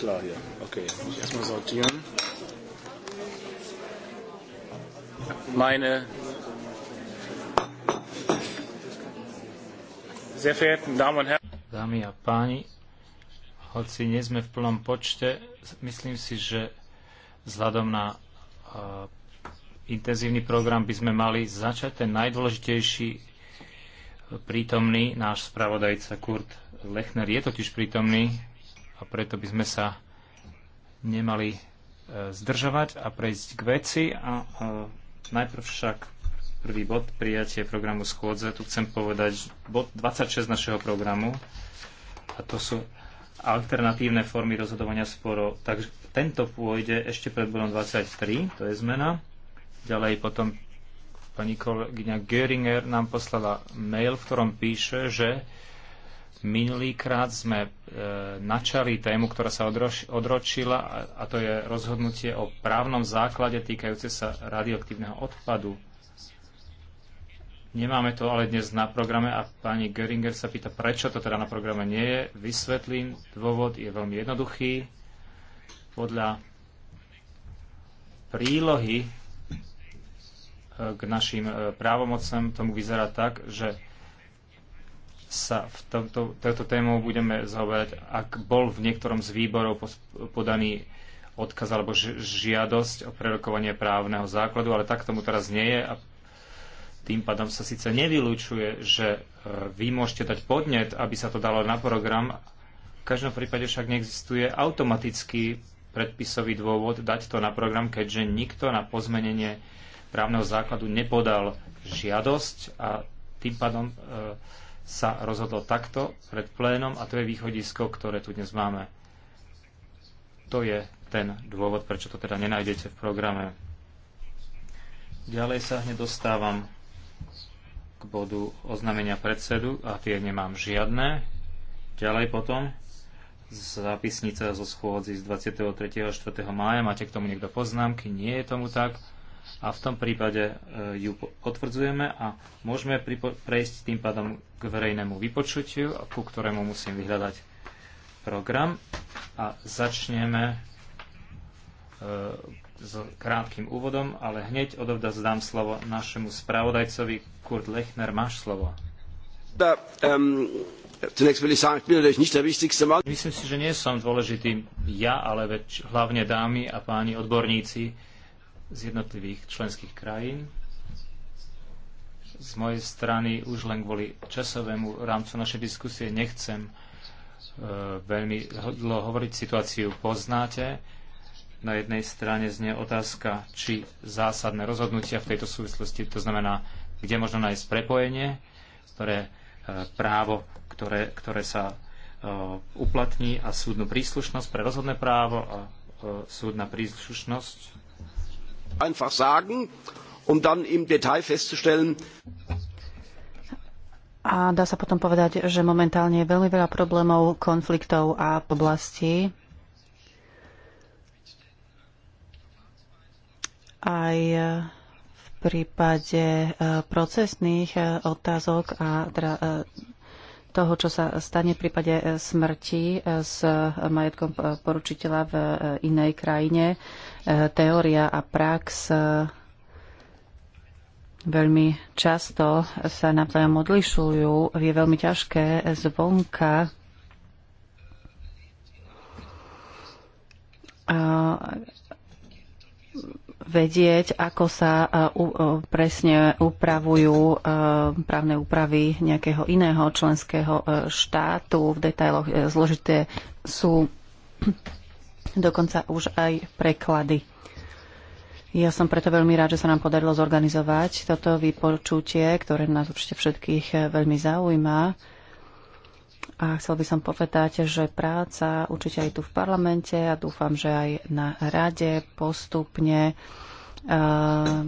klar hier. Okay, muss ich erstmal sortieren. Meine sehr verehrten Damen und Herren. Dámy a páni, hoci nie sme v plnom počte, myslím si, že vzhľadom na uh, intenzívny program by sme mali začať ten najdôležitejší e, prítomný, náš spravodajca Kurt Lechner je totiž prítomný, a preto by sme sa nemali e, zdržovať a prejsť k veci. A, a e, najprv však prvý bod, prijatie programu schôdze. Tu chcem povedať bod 26 našeho programu a to sú alternatívne formy rozhodovania sporov. Takže tento pôjde ešte pred bodom 23, to je zmena. Ďalej potom pani kolegyňa Göringer nám poslala mail, v ktorom píše, že Minulýkrát sme e, načali tému, ktorá sa odroš, odročila, a, a to je rozhodnutie o právnom základe týkajúce sa radioaktívneho odpadu. Nemáme to ale dnes na programe a pani Göringer sa pýta, prečo to teda na programe nie je. Vysvetlím, dôvod je veľmi jednoduchý. Podľa prílohy e, k našim e, právomocem tomu vyzerá tak, že sa v tomto, tejto tému budeme zaoberať, ak bol v niektorom z výborov podaný odkaz alebo žiadosť o prerokovanie právneho základu, ale tak tomu teraz nie je a tým pádom sa síce nevylučuje, že e, vy môžete dať podnet, aby sa to dalo na program. V každom prípade však neexistuje automatický predpisový dôvod dať to na program, keďže nikto na pozmenenie právneho základu nepodal žiadosť a tým pádom e, sa rozhodlo takto pred plénom a to je východisko, ktoré tu dnes máme. To je ten dôvod, prečo to teda nenájdete v programe. Ďalej sa hneď dostávam k bodu oznámenia predsedu a tie nemám žiadne. Ďalej potom zápisnica zo schôdzi z 23. a 4. mája. Máte k tomu niekto poznámky? Nie je tomu tak a v tom prípade e, ju potvrdzujeme a môžeme prejsť tým pádom k verejnému vypočutiu, ku ktorému musím vyhľadať program a začneme e, s krátkým úvodom, ale hneď odovda zdám slovo našemu spravodajcovi Kurt Lechner. Máš slovo. Da, um, Myslím si, že nie som dôležitý ja, ale hlavne dámy a páni odborníci z jednotlivých členských krajín. Z mojej strany už len kvôli časovému rámcu našej diskusie nechcem e, veľmi dlho hovoriť. Situáciu poznáte. Na jednej strane znie otázka, či zásadné rozhodnutia v tejto súvislosti, to znamená, kde možno nájsť prepojenie pre právo, ktoré, ktoré sa e, uplatní a súdnu príslušnosť pre rozhodné právo a e, súdna príslušnosť einfach sagen, um dann im Detail festzustellen, a dá sa potom povedať, že momentálne je veľmi veľa problémov, konfliktov a oblastí. Aj e, v prípade e, procesných e, otázok a teda toho, čo sa stane v prípade smrti s majetkom poručiteľa v inej krajine, teória a prax e, veľmi často sa navzájom odlišujú. Je veľmi ťažké zvonka vedieť, ako sa e, e, presne upravujú právne úpravy nejakého iného členského štátu. V detailoch zložité sú dokonca už aj preklady. Ja som preto veľmi rád, že sa nám podarilo zorganizovať toto vypočutie, ktoré nás určite všetkých veľmi zaujíma. A chcel by som povedať, že práca určite aj tu v parlamente a dúfam, že aj na rade postupne e,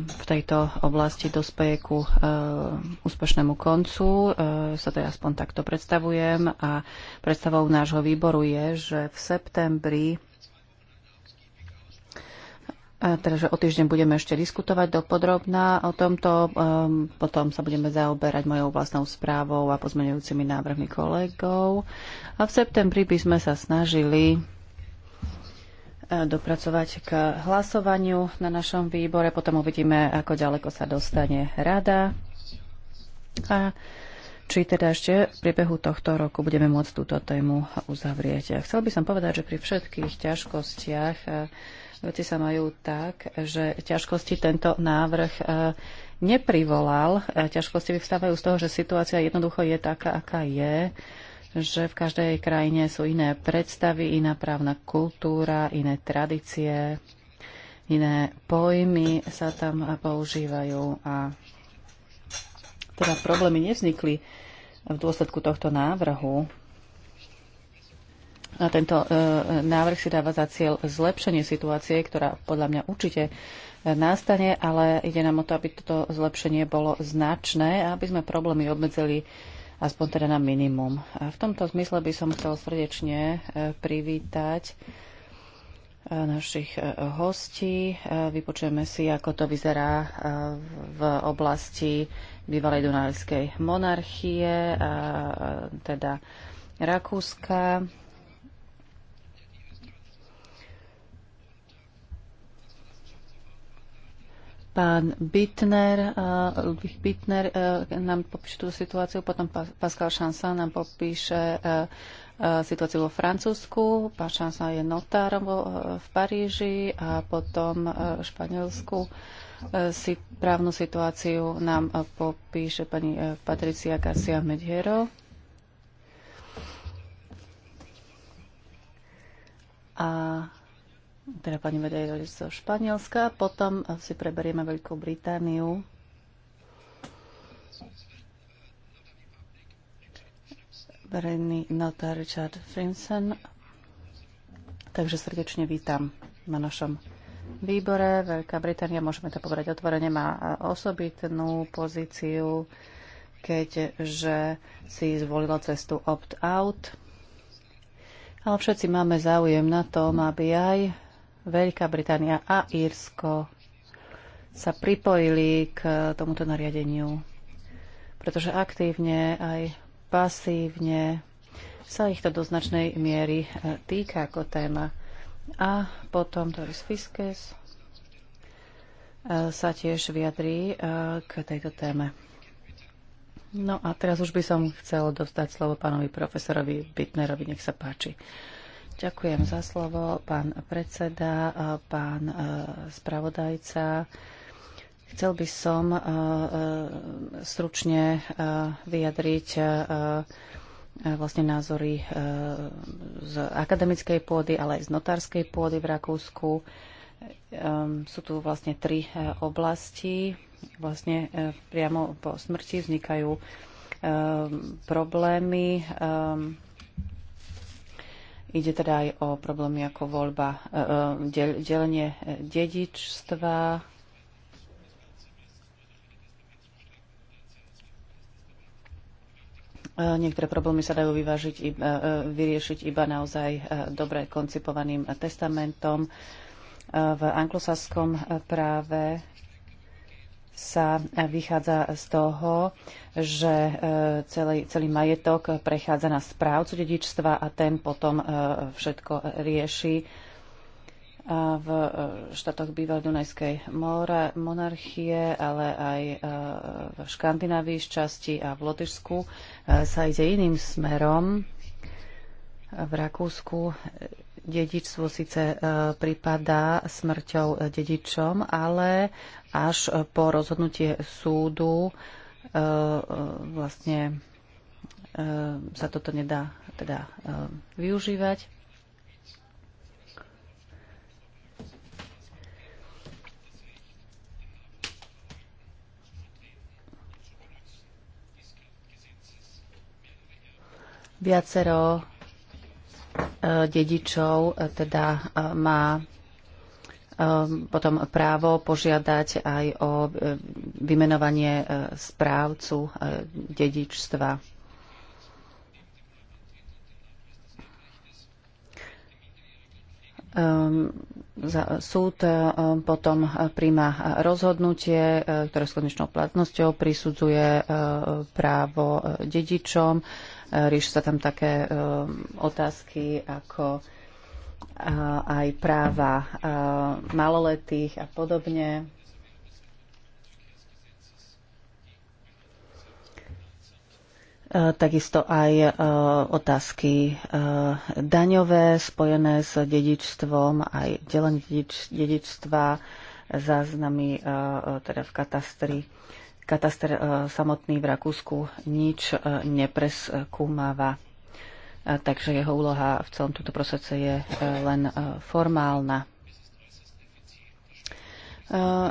v tejto oblasti dospeje ku e, úspešnému koncu. E, sa to aspoň takto predstavujem a predstavou nášho výboru je, že v septembri teda, že o týždeň budeme ešte diskutovať dopodrobná o tomto. Um, potom sa budeme zaoberať mojou vlastnou správou a pozmeňujúcimi návrhmi kolegov. A v septembri by sme sa snažili eh, dopracovať k hlasovaniu na našom výbore. Potom uvidíme, ako ďaleko sa dostane rada. A či teda ešte v priebehu tohto roku budeme môcť túto tému uzavrieť. Chcel by som povedať, že pri všetkých ťažkostiach eh, veci sa majú tak, že ťažkosti tento návrh e, neprivolal. E, ťažkosti vyvstávajú z toho, že situácia jednoducho je taká, aká je, že v každej krajine sú iné predstavy, iná právna kultúra, iné tradície, iné pojmy sa tam používajú a teda problémy nevznikli v dôsledku tohto návrhu, a tento e, návrh si dáva za cieľ zlepšenie situácie, ktorá podľa mňa určite e, nastane, ale ide nám o to, aby toto zlepšenie bolo značné a aby sme problémy obmedzili aspoň teda na minimum. A v tomto zmysle by som chcel srdečne e, privítať našich hostí. Vypočujeme si, ako to vyzerá v oblasti bývalej dunajskej monarchie, teda Rakúska. pán Bittner, eh, Ludwig Bittner eh, nám popíše tú situáciu, potom Pascal Chansan nám popíše eh, situáciu vo Francúzsku, pán Chansan je notárom v Paríži a potom v Španielsku si právnu situáciu nám popíše pani Patricia Garcia Mediero. A teda pani Vedejrovi zo Španielska. Potom si preberieme Veľkú Britániu. Verejný notár Richard Frimson. Takže srdečne vítam na našom výbore. Veľká Británia, môžeme to povedať otvorene, má osobitnú pozíciu, keďže si zvolila cestu opt-out. Ale všetci máme záujem na tom, aby aj Veľká Británia a Írsko sa pripojili k tomuto nariadeniu, pretože aktívne aj pasívne sa ich to do značnej miery e, týka ako téma. A potom Doris Fiskes e, sa tiež vyjadrí e, k tejto téme. No a teraz už by som chcel dostať slovo pánovi profesorovi Bitnerovi, nech sa páči. Ďakujem za slovo, pán predseda, pán e, spravodajca. Chcel by som e, e, stručne vyjadriť vlastne názory z akademickej pôdy, ale aj z notárskej pôdy v Rakúsku. Sú tu vlastne tri oblasti. Vlastne priamo po smrti vznikajú problémy Ide teda aj o problémy ako voľba, e, e, delenie e, dedičstva, Niektoré problémy sa dajú vyvážiť, vyriešiť iba naozaj dobre koncipovaným testamentom. V anglosaskom práve sa vychádza z toho, že e, celý, celý majetok prechádza na správcu dedičstva a ten potom e, všetko rieši. A v e, štátoch bývalej Dunajskej monarchie, ale aj v Škandinávii z časti a v Lotyšsku sa ide iným smerom. V Rakúsku Dedičstvo síce e, pripadá smrťou e, dedičom, ale až po rozhodnutie súdu e, vlastne sa toto nedá teda využívať. Viacero Eh, dedičov eh, teda eh, má potom právo požiadať aj o vymenovanie správcu dedičstva. Ehm, súd potom príjma rozhodnutie, ktoré s konečnou platnosťou prisudzuje právo dedičom Ríšu sa tam také eh, otázky ako eh, aj práva eh, maloletých a podobne. takisto aj otázky daňové spojené s dedičstvom, aj delenie dedičstva, záznamy teda v katastri kataster e, samotný v Rakúsku nič e, nepreskúmava. E, takže jeho úloha v celom tomto procese je len formálna.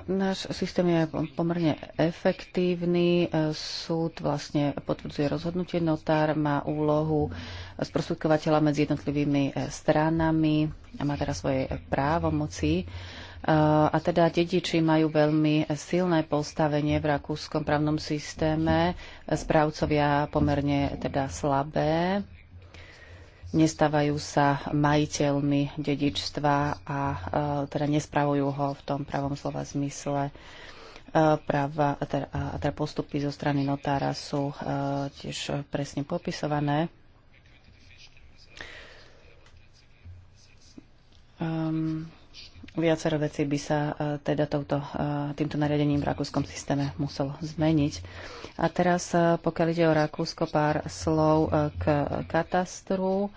Náš systém je pomerne efektívny. Súd vlastne potvrdzuje rozhodnutie. Notár má úlohu sprostredkovateľa medzi jednotlivými stranami a má teraz svoje právomoci. moci a teda dediči majú veľmi silné postavenie v rakúskom právnom systéme, správcovia pomerne teda slabé, nestávajú sa majiteľmi dedičstva a teda nespravujú ho v tom pravom slova zmysle. Práva, teda, teda postupy zo strany notára sú tiež presne popisované. Um, Viacero vecí by sa e, teda touto, e, týmto nariadením v rakúskom systéme muselo zmeniť. A teraz, e, pokiaľ ide o Rakúsko, pár slov k katastru.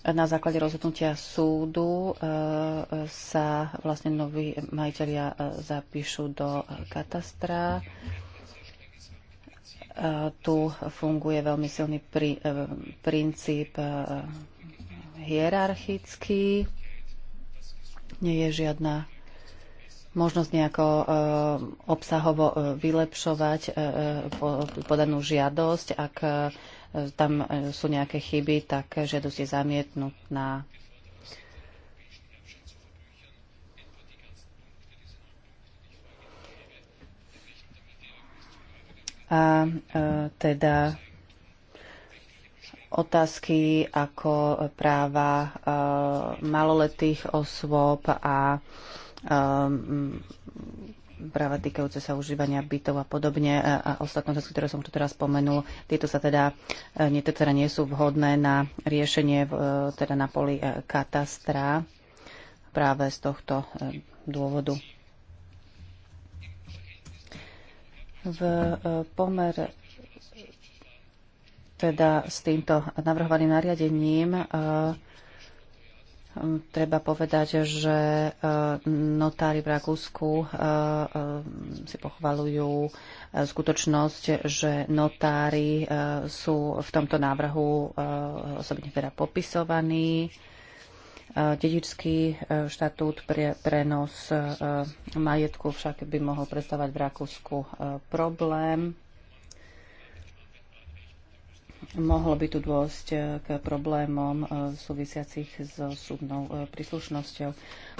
Na základe rozhodnutia súdu sa vlastne noví majiteľia zapíšu do katastra tu funguje veľmi silný princíp hierarchický nie je žiadna možnosť nejako e, obsahovo e, vylepšovať e, podanú žiadosť. Ak tam sú nejaké chyby, tak žiadosť je zamietnutná. A teda otázky ako práva eh, maloletých osôb a eh, práva týkajúce sa užívania bytov a podobne eh, a ostatné otázky, ktoré som tu teraz spomenul, tieto sa teda, nie, teda nie sú vhodné na riešenie teda na poli katastra práve z tohto dôvodu. V pomer teda s týmto navrhovaným nariadením e, Treba povedať, že e, notári v Rakúsku e, si pochvalujú skutočnosť, že notári sú v tomto návrhu osobne teda popisovaní. Dedičský štatút pre prenos majetku však by mohol predstavať v Rakúsku problém Mohlo by tu dôjsť eh, k problémom eh, súvisiacich s súdnou eh, príslušnosťou.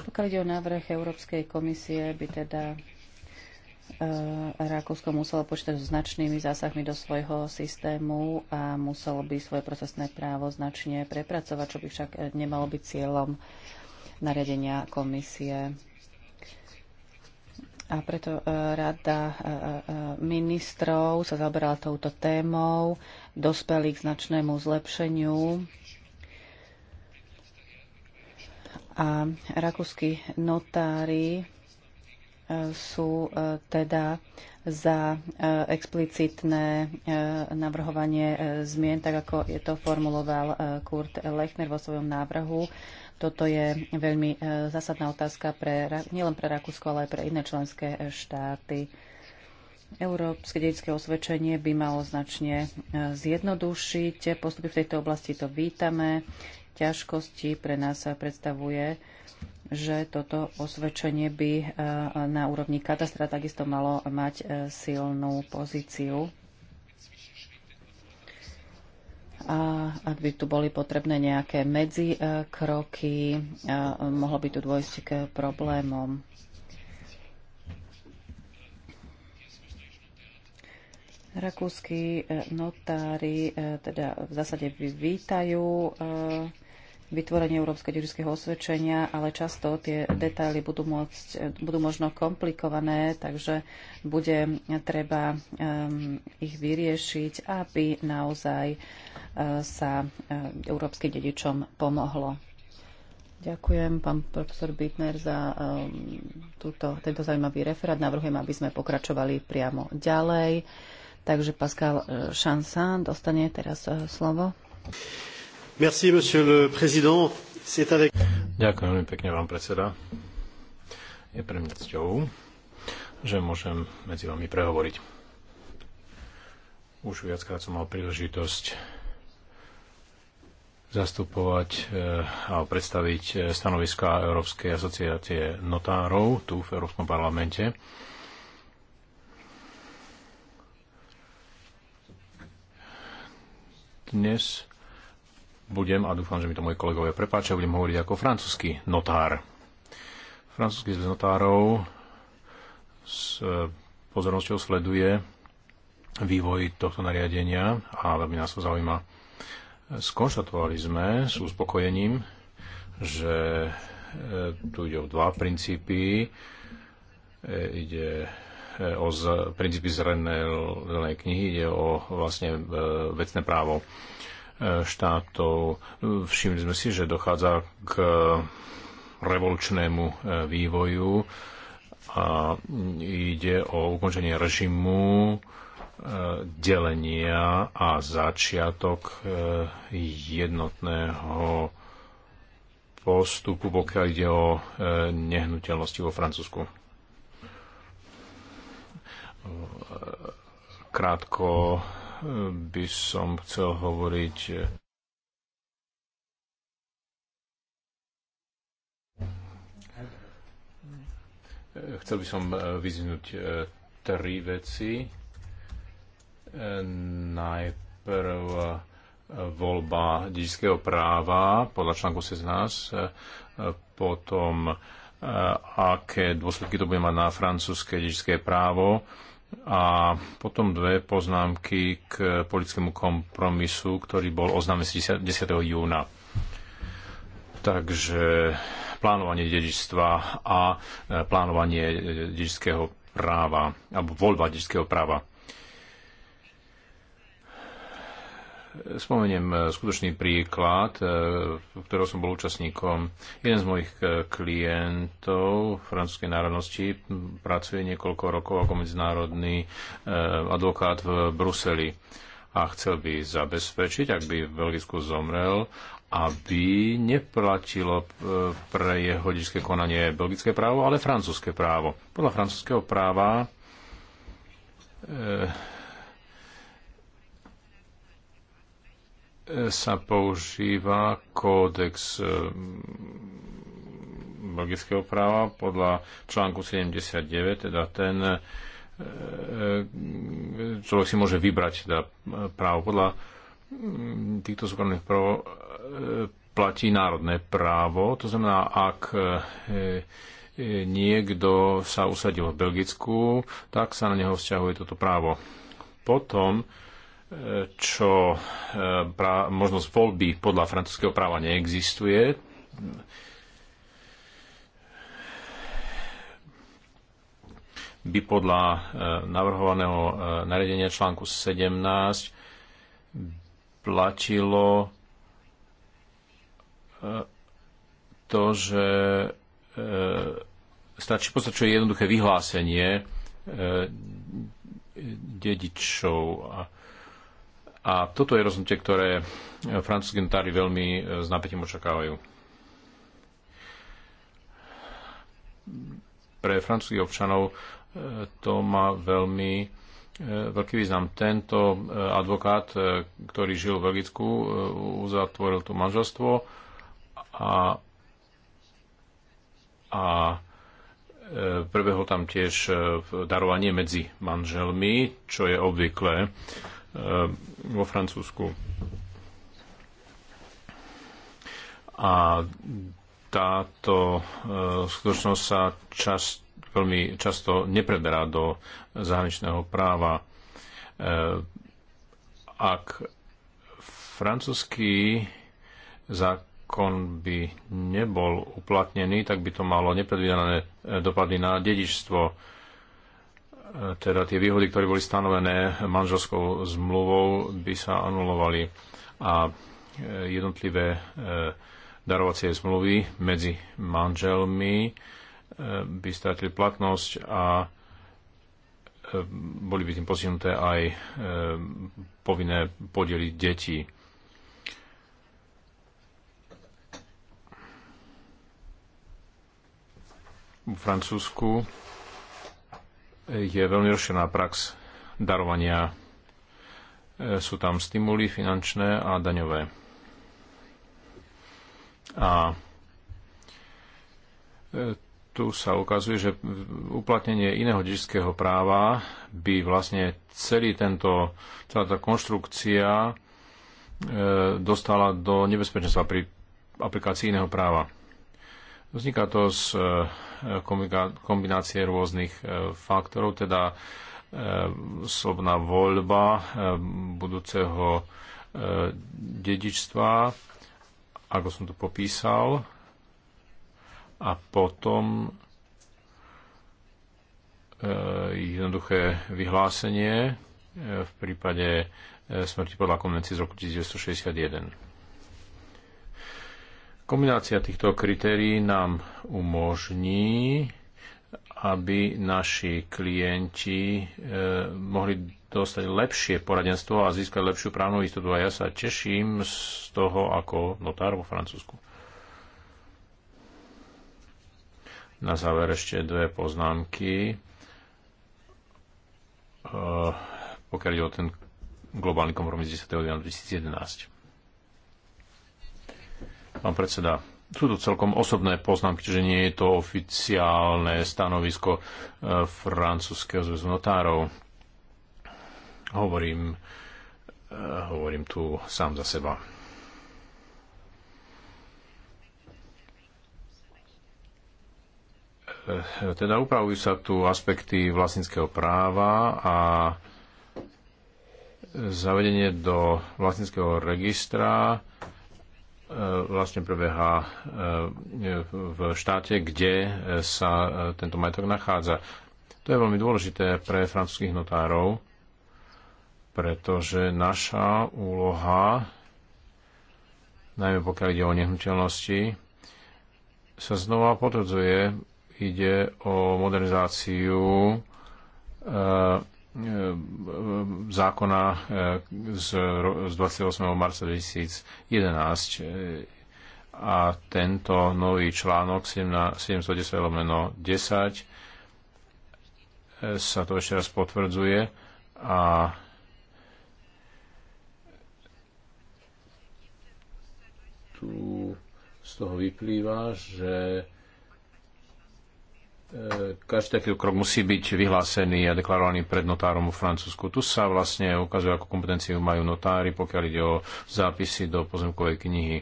Pokiaľ ide o návrh Európskej komisie, by teda Rakúsko muselo počítať so značnými zásahmi do svojho systému a muselo by svoje procesné právo značne prepracovať, čo by však nemalo byť cieľom nariadenia komisie. A preto e, rada e, e, ministrov sa zaberala touto témou, dospeli k značnému zlepšeniu a rakúsky notári sú teda za explicitné navrhovanie zmien, tak ako je to formuloval Kurt Lechner vo svojom návrhu toto je veľmi e, zásadná otázka pre, nielen pre Rakúsko, ale aj pre iné členské e, štáty. Európske dedické osvedčenie by malo značne e, zjednodušiť postupy v tejto oblasti. To vítame. Ťažkosti pre nás sa predstavuje, že toto osvedčenie by na úrovni katastra takisto malo mať silnú pozíciu a ak by tu boli potrebné nejaké medzikroky, e, e, mohlo by tu dôjsť k problémom. Rakúsky e, notári teda v zásade vítajú vytvorenie európskeho dedičského osvedčenia, ale často tie detaily budú, môcť, budú možno komplikované, takže bude treba um, ich vyriešiť, aby naozaj uh, sa uh, európskym dedičom pomohlo. Ďakujem, pán profesor Bittner, za um, túto, tento zaujímavý referát. Navrhujem, aby sme pokračovali priamo ďalej. Takže Pascal eh, Chansan dostane teraz slovo. Ďakujem veľmi pekne vám, predseda. Je pre mňa cťou, že môžem medzi vami prehovoriť. Už viackrát som mal príležitosť zastupovať eh, a predstaviť eh, stanoviska Európskej asociácie notárov tu v Európskom parlamente. Dnes budem, a dúfam, že mi to moji kolegovia prepáčia, budem hovoriť ako francúzsky notár. Francúzsky z notárov s e, pozornosťou sleduje vývoj tohto nariadenia a veľmi nás to zaujíma. Skonštatovali sme s uspokojením, že e, tu ide o dva princípy. E, ide o z, princípy zelenej knihy, ide o vlastne vecné právo štátov. Všimli sme si, že dochádza k revolučnému e, vývoju a ide o ukončenie režimu, e, delenia a začiatok e, jednotného postupu, pokiaľ ide o nehnuteľnosti vo Francúzsku. Krátko by som chcel hovoriť e, Chcel by som e, vyzvinúť e, tri veci. Najprv voľba dedičského práva podľa článku 16, potom aké dôsledky to bude mať na francúzske dedičské právo, a potom dve poznámky k politickému kompromisu, ktorý bol oznámený 10. júna. Takže plánovanie dedičstva a e, plánovanie e, dedičského práva, alebo voľba dedičského práva. Spomeniem e, skutočný príklad, e, v ktorom som bol účastníkom. Jeden z mojich e, klientov francúzskej národnosti pracuje niekoľko rokov ako medzinárodný advokát v Bruseli a chcel by zabezpečiť, ak by v Belgicku zomrel, aby neplatilo pre jeho dedičské konanie belgické právo, ale francúzske právo. Podľa francúzského práva e, sa používa kódex e, belgického práva podľa článku 79, teda ten e, e, človek si môže vybrať teda právo. Podľa týchto súkromných práv platí národné právo, to znamená, ak niekto sa usadil v Belgicku, tak sa na neho vzťahuje toto právo. Potom čo eh, pra, možnosť voľby podľa francúzského práva neexistuje. by podľa eh, navrhovaného eh, nariadenia článku 17 platilo to, že stačí postačuje jednoduché vyhlásenie dedičov a a toto je rozhodnutie, ktoré e, francúzskí notári veľmi e, s napätím očakávajú. Pre francúzských občanov e, to má veľmi veľký význam. Tento advokát, ktorý žil v Belgicku, uzatvoril to manželstvo a, a prebehol tam tiež darovanie medzi manželmi, čo je obvyklé E, vo Francúzsku. A táto e, skutočnosť sa čas, veľmi často neprederá do zahraničného práva. E, ak francúzsky zákon by nebol uplatnený, tak by to malo nepredvídané dopady na dedičstvo teda tie výhody, ktoré boli stanovené manželskou zmluvou, by sa anulovali a e, jednotlivé e, darovacie zmluvy medzi manželmi e, by stratili platnosť a boli by tým posunuté aj povinné podeliť deti. V Francúzsku je veľmi rozšená prax darovania. E, sú tam stimuly finančné a daňové. A e, tu sa ukazuje, že uplatnenie iného dedičského práva by vlastne celý tento, celá tá konštrukcia e, dostala do nebezpečenstva pri aplikácii iného práva. Vzniká to z e, kombinácie rôznych e, faktorov, teda e, slobná voľba e, budúceho dedičstva, ako som to popísal, a potom jednoduché vyhlásenie v prípade smrti podľa konvencie z roku 1961. Kombinácia týchto kritérií nám umožní, aby naši klienti e, mohli dostať lepšie poradenstvo a získať lepšiu právnu istotu. A ja sa teším z toho ako notár vo Francúzsku. Na záver ešte dve poznámky. E, pokiaľ ide o ten globálny kompromis 10. 2011 pán predseda. Sú to celkom osobné poznámky, čiže nie je to oficiálne stanovisko e, francúzského zväzu notárov. Hovorím, e, hovorím tu sám za seba. E, teda upravujú sa tu aspekty vlastníckého práva a zavedenie do vlastníckého registra E, vlastne prebieha e, v štáte, kde e, sa tento majetok nachádza. To je veľmi dôležité pre francúzských notárov, pretože naša úloha, najmä pokiaľ ide o nehnuteľnosti, sa znova potvrdzuje. Ide o modernizáciu E, zákona e, z 28. marca 2011 e, a tento nový článok 710 lomeno 10 sa to ešte raz potvrdzuje a tu z toho vyplýva, že každý takýto krok musí byť vyhlásený a deklarovaný pred notárom v Francúzsku. Tu sa vlastne ukazuje, ako kompetenciu majú notári, pokiaľ ide o zápisy do pozemkovej knihy.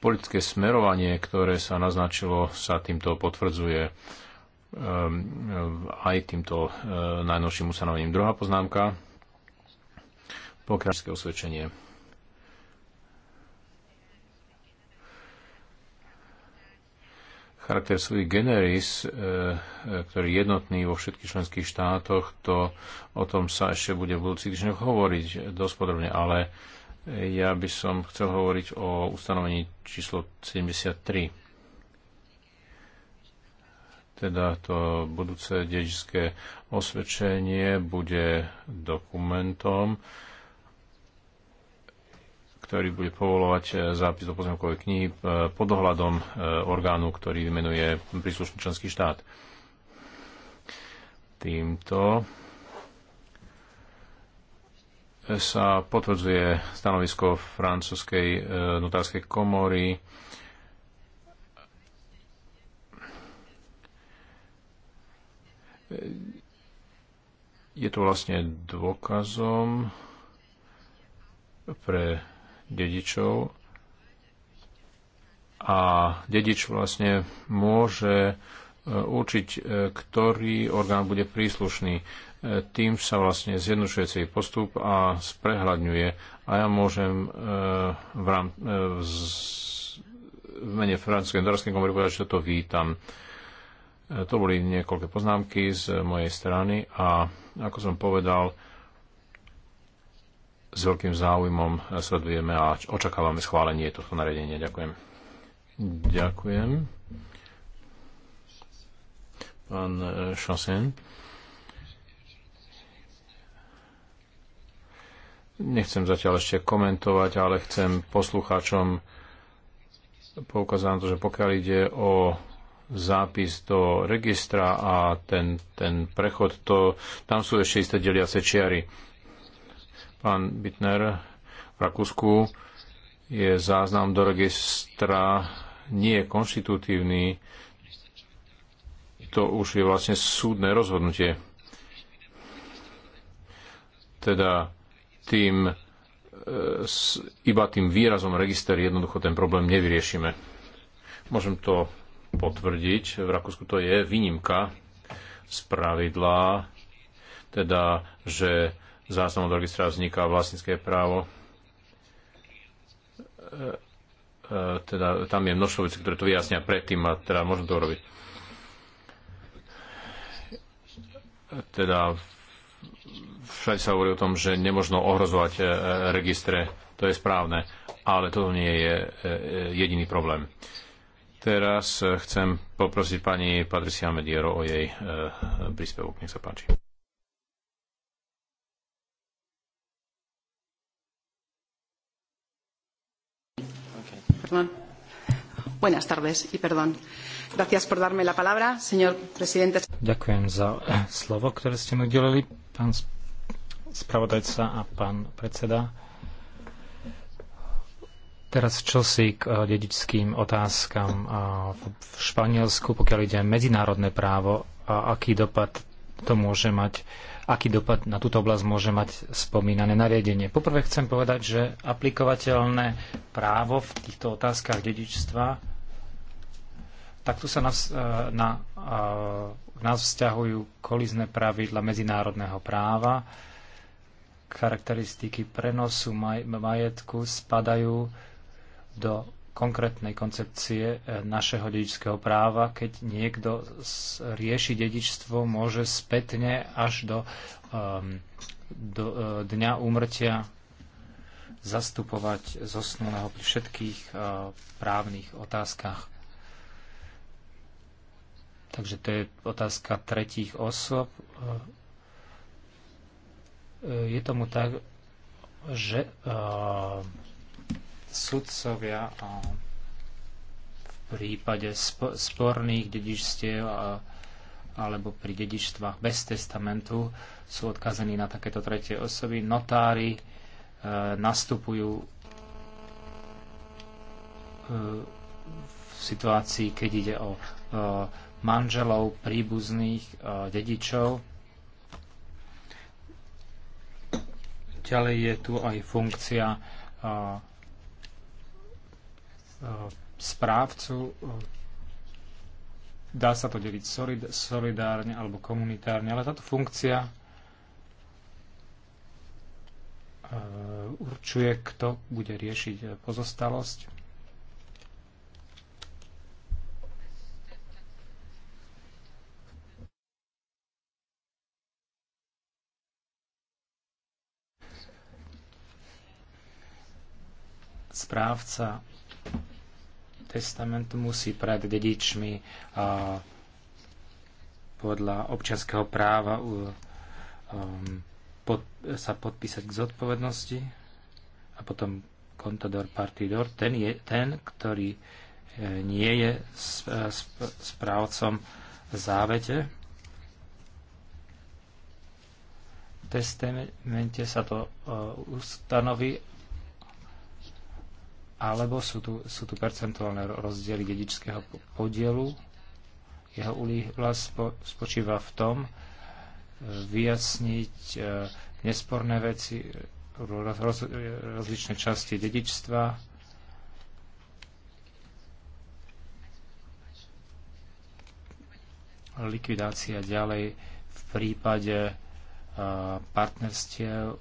Politické smerovanie, ktoré sa naznačilo, sa týmto potvrdzuje aj týmto najnovším ustanovením. Druhá poznámka, pokiaľ osvedčenie charakter sui generis, e, e, ktorý je jednotný vo všetkých členských štátoch, to o tom sa ešte bude v budúcich týždňoch hovoriť dosť podrobne, ale ja by som chcel hovoriť o ustanovení číslo 73. Teda to budúce dedičské osvedčenie bude dokumentom, ktorý bude povolovať e, zápis do pozemkovej knihy e, pod ohľadom e, orgánu, ktorý vymenuje príslušný členský štát. Týmto sa potvrdzuje stanovisko francúzskej notárskej komory je to vlastne dôkazom pre dedičov a dedič vlastne môže e, určiť, e, ktorý orgán bude príslušný. E, tým sa vlastne zjednodušuje celý postup a sprehľadňuje. A ja môžem v, rám, z, v mene Francúzskej endorskej komory povedať, že toto vítam. To boli niekoľké poznámky z mojej strany a ako som povedal, s veľkým záujmom sledujeme a očakávame schválenie tohto nariadenia. Ďakujem. Ďakujem. Pán Šasen. E, Nechcem zatiaľ ešte komentovať, ale chcem poslucháčom poukázať na to, že pokiaľ ide o zápis do registra a ten, ten prechod, to, tam sú ešte isté deliace čiary Pán Bitner, v Rakúsku je záznam do registra nie je konštitutívny. To už je vlastne súdne rozhodnutie. Teda tým, e, iba tým výrazom register jednoducho ten problém nevyriešime. Môžem to potvrdiť. V Rakúsku to je výnimka z pravidla, teda, že záznamom do registra vzniká vlastnické právo. E, e, teda tam je množstvo vecí, ktoré to vyjasnia predtým a teda možno to urobiť. Teda všade sa hovorí o tom, že nemožno ohrozovať e, registre, to je správne, ale toto nie je jediný problém. Teraz chcem poprosiť pani Patricia Mediero o jej príspevok. Nech sa páči. Perdón. Buenas tardes y perdón. Gracias por darme la palabra, señor presidente. Ďakujem za eh, slovo, ktoré ste mi udelili, pán spravodajca a pán predseda. Teraz čosi k eh, dedičským otázkam eh, v Španielsku, pokiaľ ide medzinárodné právo a aký dopad to môže mať aký dopad na túto oblasť môže mať spomínané nariadenie. Poprvé chcem povedať, že aplikovateľné právo v týchto otázkach dedičstva takto sa nás, e, na, e, nás vzťahujú kolizné pravidla medzinárodného práva, charakteristiky prenosu maj, majetku spadajú do konkrétnej koncepcie eh, našeho dedičského práva, keď niekto rieši dedičstvo, môže spätne až do, um, do uh, dňa úmrtia zastupovať zosnulého pri všetkých uh, právnych otázkach. Takže to je otázka tretích osob. Je tomu tak, že uh, sudcovia a v prípade sporných dedičstiev a, alebo pri dedičstvách bez testamentu sú odkazení na takéto tretie osoby. Notári e, nastupujú e, v situácii, keď ide o e, manželov, príbuzných, e, dedičov. Ďalej je tu aj funkcia e, správcu. E, dá sa to deliť solidárne alebo komunitárne, ale táto funkcia e, určuje, kto bude riešiť e, pozostalosť. Správca testament musí pred dedičmi a, podľa občianského práva u, um, pod, sa podpísať k zodpovednosti a potom kontador partidor, ten je ten, ktorý e, nie je sp, e, sp, správcom závete. V testamente sa to e, ustanoví alebo sú tu, sú tu percentuálne rozdiely dedičského podielu. Jeho úloha spo, spočíva v tom e, vyjasniť e, nesporné veci, roz, roz, rozličné časti dedičstva. likvidácia ďalej v prípade e, partnerstiev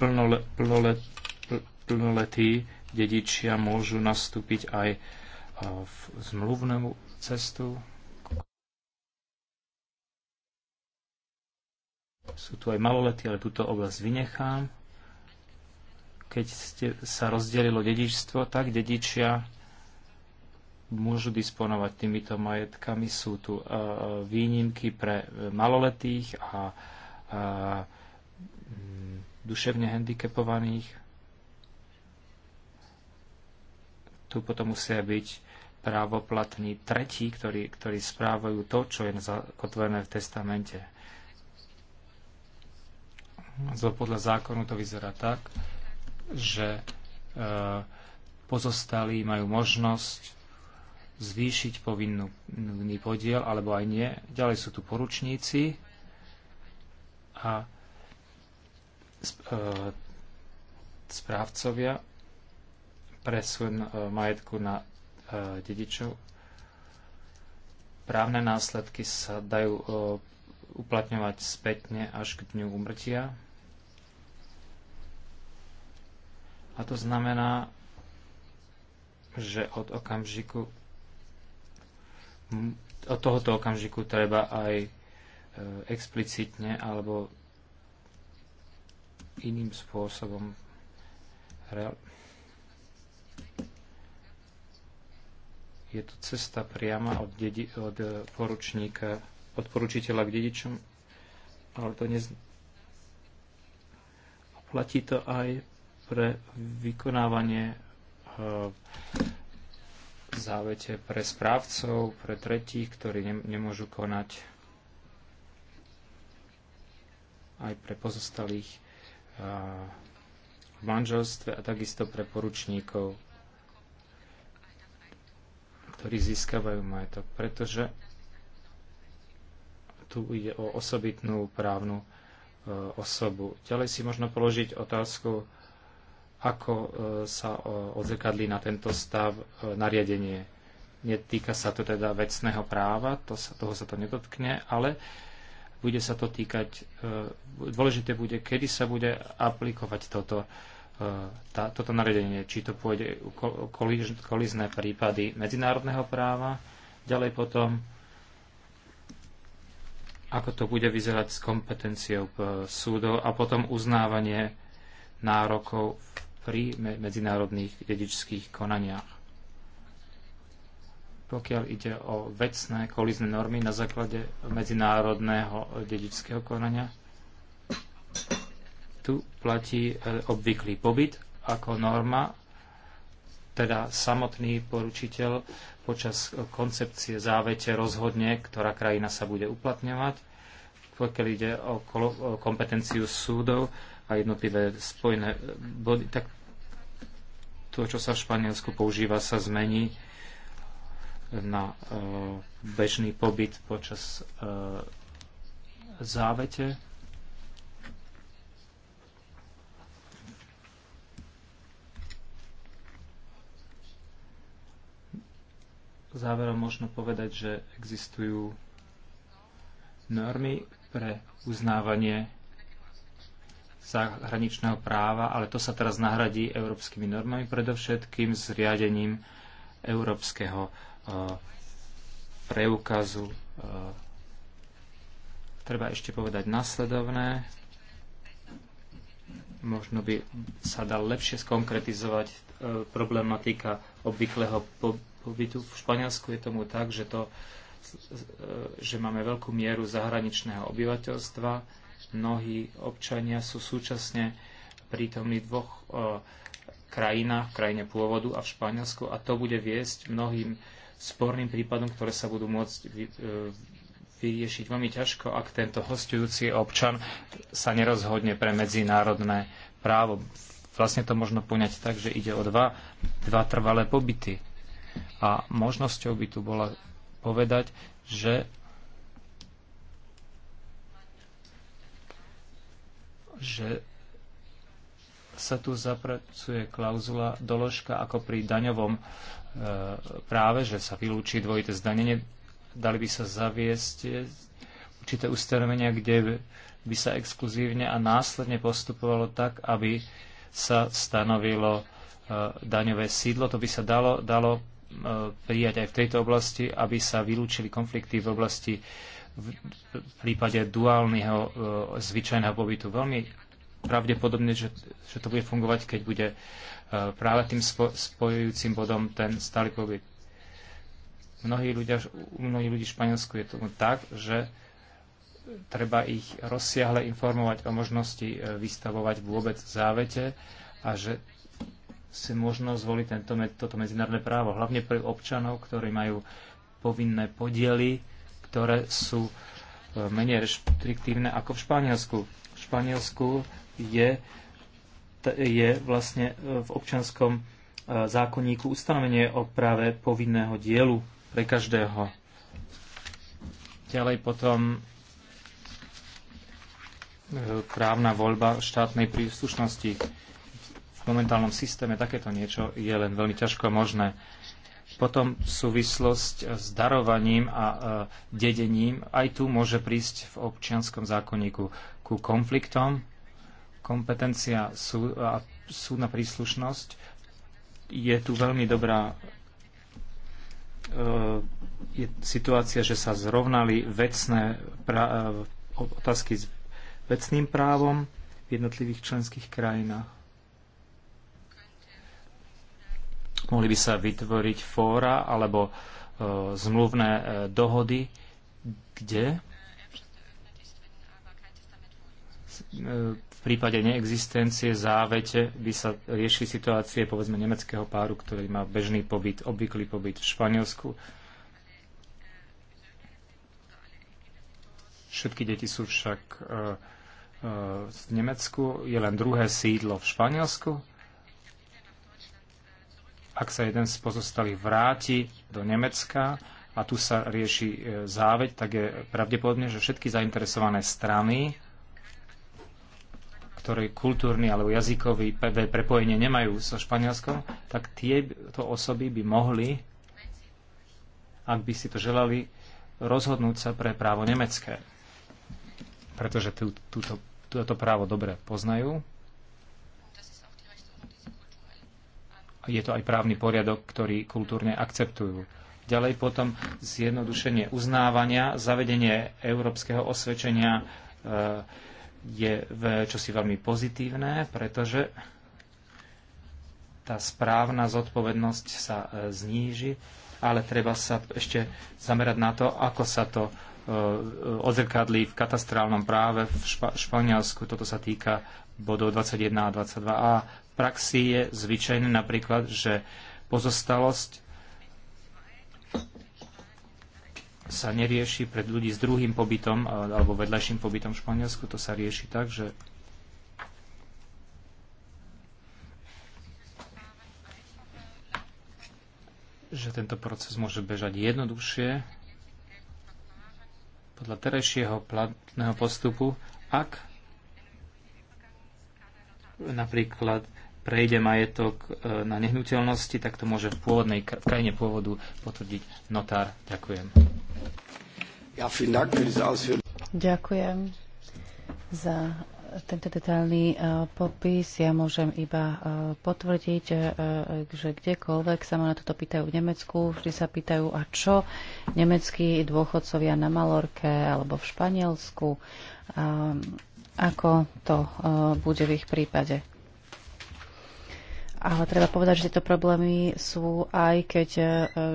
plnole, plnole, plnoletí dedičia môžu nastúpiť aj v zmluvnú cestu. Sú tu aj maloletí, ale túto oblasť vynechám. Keď ste, sa rozdelilo dedičstvo, tak dedičia môžu disponovať týmito majetkami. Sú tu uh, výnimky pre e, maloletých a uh, duševne handicapovaných. Tu potom musia byť právoplatní tretí, ktorí, ktorí správajú to, čo je zakotvené v testamente. podľa zákonu to vyzerá tak, že e, pozostalí majú možnosť zvýšiť povinný podiel, alebo aj nie. Ďalej sú tu poručníci a E, správcovia, presun e, majetku na e, dedičov. Právne následky sa dajú uplatňovať spätne až k dňu umrtia. A to znamená, že od okamžiku od tohoto okamžiku treba aj explicitne alebo iným spôsobom je to cesta priama od, dedi, od eh, poručníka, od poručiteľa k dedičom, ale to nez... platí to aj pre vykonávanie eh, závete pre správcov, pre tretích, ktorí ne, nemôžu konať aj pre pozostalých v manželstve a takisto pre poručníkov, ktorí získavajú majetok, pretože tu ide o osobitnú právnu e, osobu. Ďalej si možno položiť otázku, ako e, sa e, odzrkadlí na tento stav nariadenie. Netýka sa to teda vecného práva, to sa, toho sa to nedotkne, ale bude sa to týkať, e, dôležité bude, kedy sa bude aplikovať toto, e, tá, toto naredenie, či to pôjde kolizné prípady medzinárodného práva, ďalej potom, ako to bude vyzerať s kompetenciou e, súdov a potom uznávanie nárokov pri medzinárodných dedičských konaniach pokiaľ ide o vecné kolizné normy na základe medzinárodného dedičského konania. Tu platí e, obvyklý pobyt ako norma, teda samotný poručiteľ počas koncepcie závete rozhodne, ktorá krajina sa bude uplatňovať pokiaľ ide o kompetenciu súdov a jednotlivé spojené body, tak to, čo sa v Španielsku používa, sa zmení na e, bežný pobyt počas e, závete. Záverom možno povedať, že existujú normy pre uznávanie zahraničného práva, ale to sa teraz nahradí európskymi normami, predovšetkým zriadením európskeho preukazu. Treba ešte povedať nasledovné. Možno by sa dal lepšie skonkretizovať e, problematika obvyklého pobytu. V Španielsku je tomu tak, že, to, e, že máme veľkú mieru zahraničného obyvateľstva. Mnohí občania sú súčasne prítomní v dvoch e, krajinách, v krajine pôvodu a v Španielsku a to bude viesť mnohým sporným prípadom, ktoré sa budú môcť e, vyriešiť veľmi ťažko, ak tento hostujúci občan sa nerozhodne pre medzinárodné právo. Vlastne to možno poňať tak, že ide o dva, dva trvalé pobyty. A možnosťou by tu bola povedať, že že sa tu zapracuje klauzula doložka ako pri daňovom E, práve, že sa vylúči dvojité zdanenie, dali by sa zaviesť určité ustanovenia, kde by sa exkluzívne a následne postupovalo tak, aby sa stanovilo e, daňové sídlo. To by sa dalo, dalo e, prijať aj v tejto oblasti, aby sa vylúčili konflikty v oblasti v prípade duálneho zvyčajného pobytu. Veľmi pravdepodobne, že, že to bude fungovať, keď bude e, práve tým spo, spojujúcim bodom ten stály pobyt. Mnohí ľudia, u mnohých ľudí v Španielsku je tomu tak, že treba ich rozsiahle informovať o možnosti e, vystavovať vôbec závete a že si možno zvoliť tento, toto medzinárodné právo, hlavne pre občanov, ktorí majú povinné podiely, ktoré sú e, menej reštriktívne ako v Španielsku. V Španielsku je, je vlastne e, v občanskom e, zákonníku ustanovenie o práve povinného dielu pre každého. Ďalej potom e, právna voľba štátnej príslušnosti. V momentálnom systéme takéto niečo je len veľmi ťažko možné. Potom súvislosť s darovaním a dedením. Aj tu môže prísť v občianskom zákonníku ku konfliktom, kompetencia súd a súdna príslušnosť je tu veľmi dobrá e, je situácia, že sa zrovnali vecné e, otázky s vecným právom v jednotlivých členských krajinách. Mohli by sa vytvoriť fóra alebo e, zmluvné e, dohody, kde e, v prípade neexistencie závete by sa rieši situácie povedzme nemeckého páru, ktorý má bežný pobyt, obvyklý pobyt v Španielsku. Všetky deti sú však e, e, v Nemecku, je len druhé sídlo v Španielsku. Ak sa jeden z pozostalých vráti do Nemecka a tu sa rieši e, záveď, tak je pravdepodobne, že všetky zainteresované strany ktorý kultúrny alebo jazykový prepojenie nemajú so Španielskom, tak tieto osoby by mohli, ak by si to želali, rozhodnúť sa pre právo nemecké. Pretože tú, túto, túto právo dobre poznajú. Je to aj právny poriadok, ktorý kultúrne akceptujú. Ďalej potom zjednodušenie uznávania, zavedenie európskeho osvedčenia e, je čosi veľmi pozitívne, pretože tá správna zodpovednosť sa e, zníži, ale treba sa ešte zamerať na to, ako sa to e, e, odzrkadlí v katastrálnom práve v Španielsku. Toto sa týka bodov 21 a 22a. V praxi je zvyčajné napríklad, že pozostalosť sa nerieši pred ľudí s druhým pobytom alebo vedľajším pobytom v Španielsku. To sa rieši tak, že že tento proces môže bežať jednoduchšie podľa terajšieho platného postupu, ak napríklad prejde majetok e, na nehnuteľnosti, tak to môže v pôvodnej v krajine pôvodu potvrdiť notár. Ďakujem. Ja, Dank für diese Ďakujem za tento detailný e, popis. Ja môžem iba e, potvrdiť, e, že kdekoľvek sa ma na toto pýtajú v Nemecku, vždy sa pýtajú, a čo nemeckí dôchodcovia na Malorke alebo v Španielsku, ako to bude v ich prípade. Ale treba povedať, že tieto problémy sú aj keď e,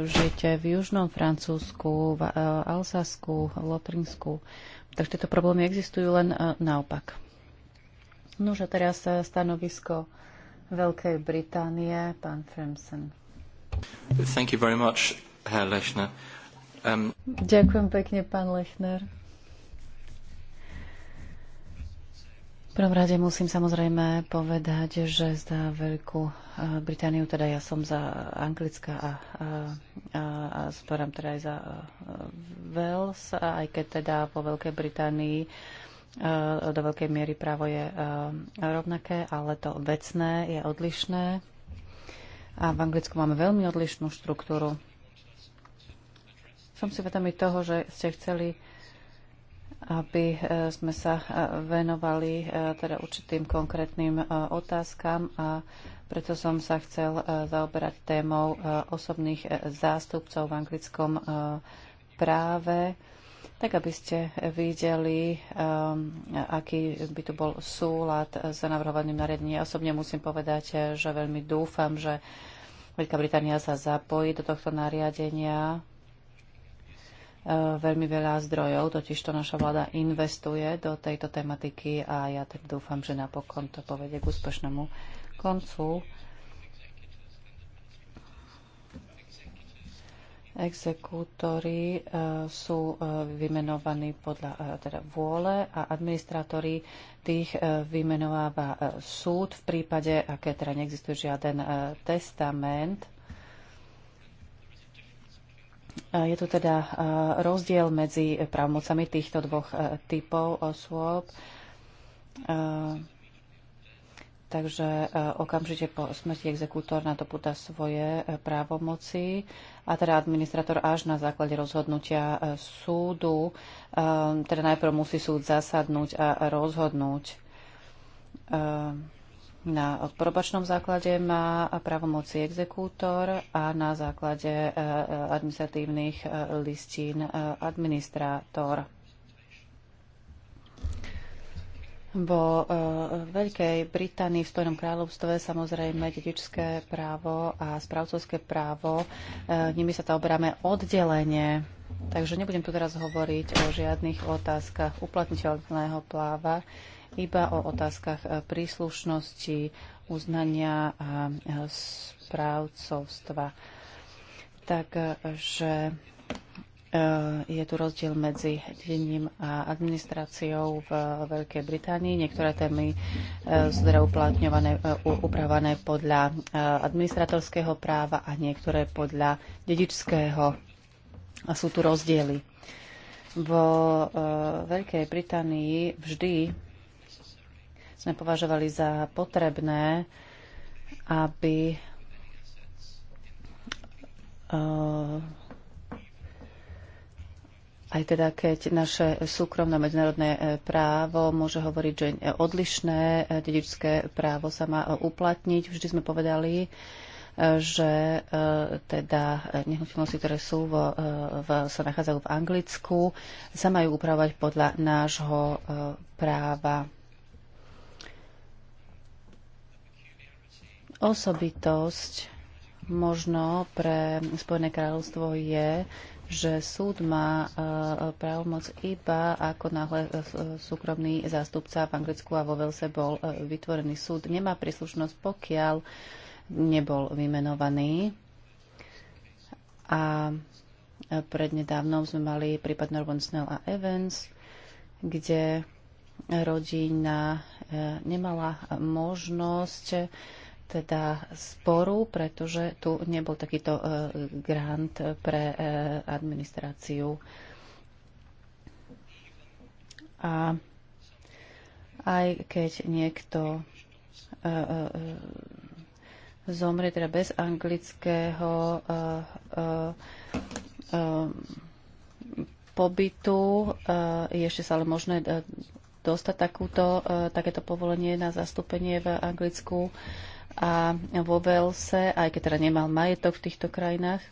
žijete v Južnom Francúzsku, v e, Alsasku, v Lotrinsku. Takže tieto problémy existujú len e, naopak. Nož a teraz stanovisko Veľkej Británie, pán Fremsen. Thank you very much, Herr Lechner. Um... Ďakujem pekne, pán Lechner. prvom rade musím samozrejme povedať, že za Veľkú eh, Britániu, teda ja som za Anglická a, eh, a, a, a sporám teda aj za eh, Wales, aj keď teda po Veľkej Británii do veľkej miery právo je rovnaké, ale to vecné je odlišné. A v Anglicku máme veľmi odlišnú štruktúru. Som si vedomý toho, že ste chceli aby e, sme sa e, venovali e, teda určitým konkrétnym otázkam a preto som sa chcel zaoberať témou osobných zástupcov v anglickom práve, tak aby ste videli, aký by tu bol súlad s navrhovaným nariadením. Osobne musím povedať, že veľmi dúfam, že Veľká Británia sa zapojí do tohto nariadenia, Eh, veľmi veľa zdrojov, totiž to naša vláda investuje do tejto tematiky a ja tak dúfam, že napokon to povede k úspešnému koncu. uh, sú eh, vymenovaní podľa teda vôle a administrátori tých vymenováva súd v prípade, aké teda neexistuje žiaden testament je tu teda rozdiel medzi právomocami týchto dvoch typov osôb. Takže okamžite po smrti exekútor na púta svoje e, právomoci a teda administrator až na základe rozhodnutia e, súdu, e, teda najprv musí súd zasadnúť a rozhodnúť na probačnom základe má pravomoci exekútor a na základe e, e, administratívnych e, listín administrátor. Vo Veľkej Británii v Spojenom kráľovstve samozrejme detičské právo a správcovské právo, nimi sa to obráme oddelenie. Takže nebudem tu teraz hovoriť o žiadnych otázkach uplatniteľného práva iba o otázkach e, príslušnosti, uznania a e, správcovstva. Takže e, je tu rozdiel medzi dením a administráciou v Veľkej Británii. Niektoré témy sú teda uplatňované, upravované podľa administratorského práva a niektoré podľa dedičského. A sú tu rozdiely. Vo Veľkej Británii vždy sme považovali za potrebné, aby e, aj teda keď naše súkromné medzinárodné e, právo môže hovoriť, že odlišné e, dedičské právo sa má uplatniť. Vždy sme povedali, že teda nehnuteľnosti, ktoré sú v, v, sa nachádzajú v Anglicku, sa majú upravovať podľa nášho práva. Osobitosť možno pre Spojené kráľovstvo je, že súd má e, právomoc iba ako náhle e, e, súkromný zástupca v Anglicku a vo Velse bol vytvorený súd. Nemá príslušnosť, pokiaľ nebol vymenovaný. A prednedávnom sme mali prípad Norman Snell a Evans, kde rodina nemala možnosť teda sporu, pretože tu nebol takýto e, grant pre e, administráciu. A aj keď niekto e, zomrie teda bez anglického pobytu, je ešte sa ale možné dostať takúto, takéto povolenie na zastúpenie v Anglicku a vo Velse, aj keď teda nemal majetok v týchto krajinách.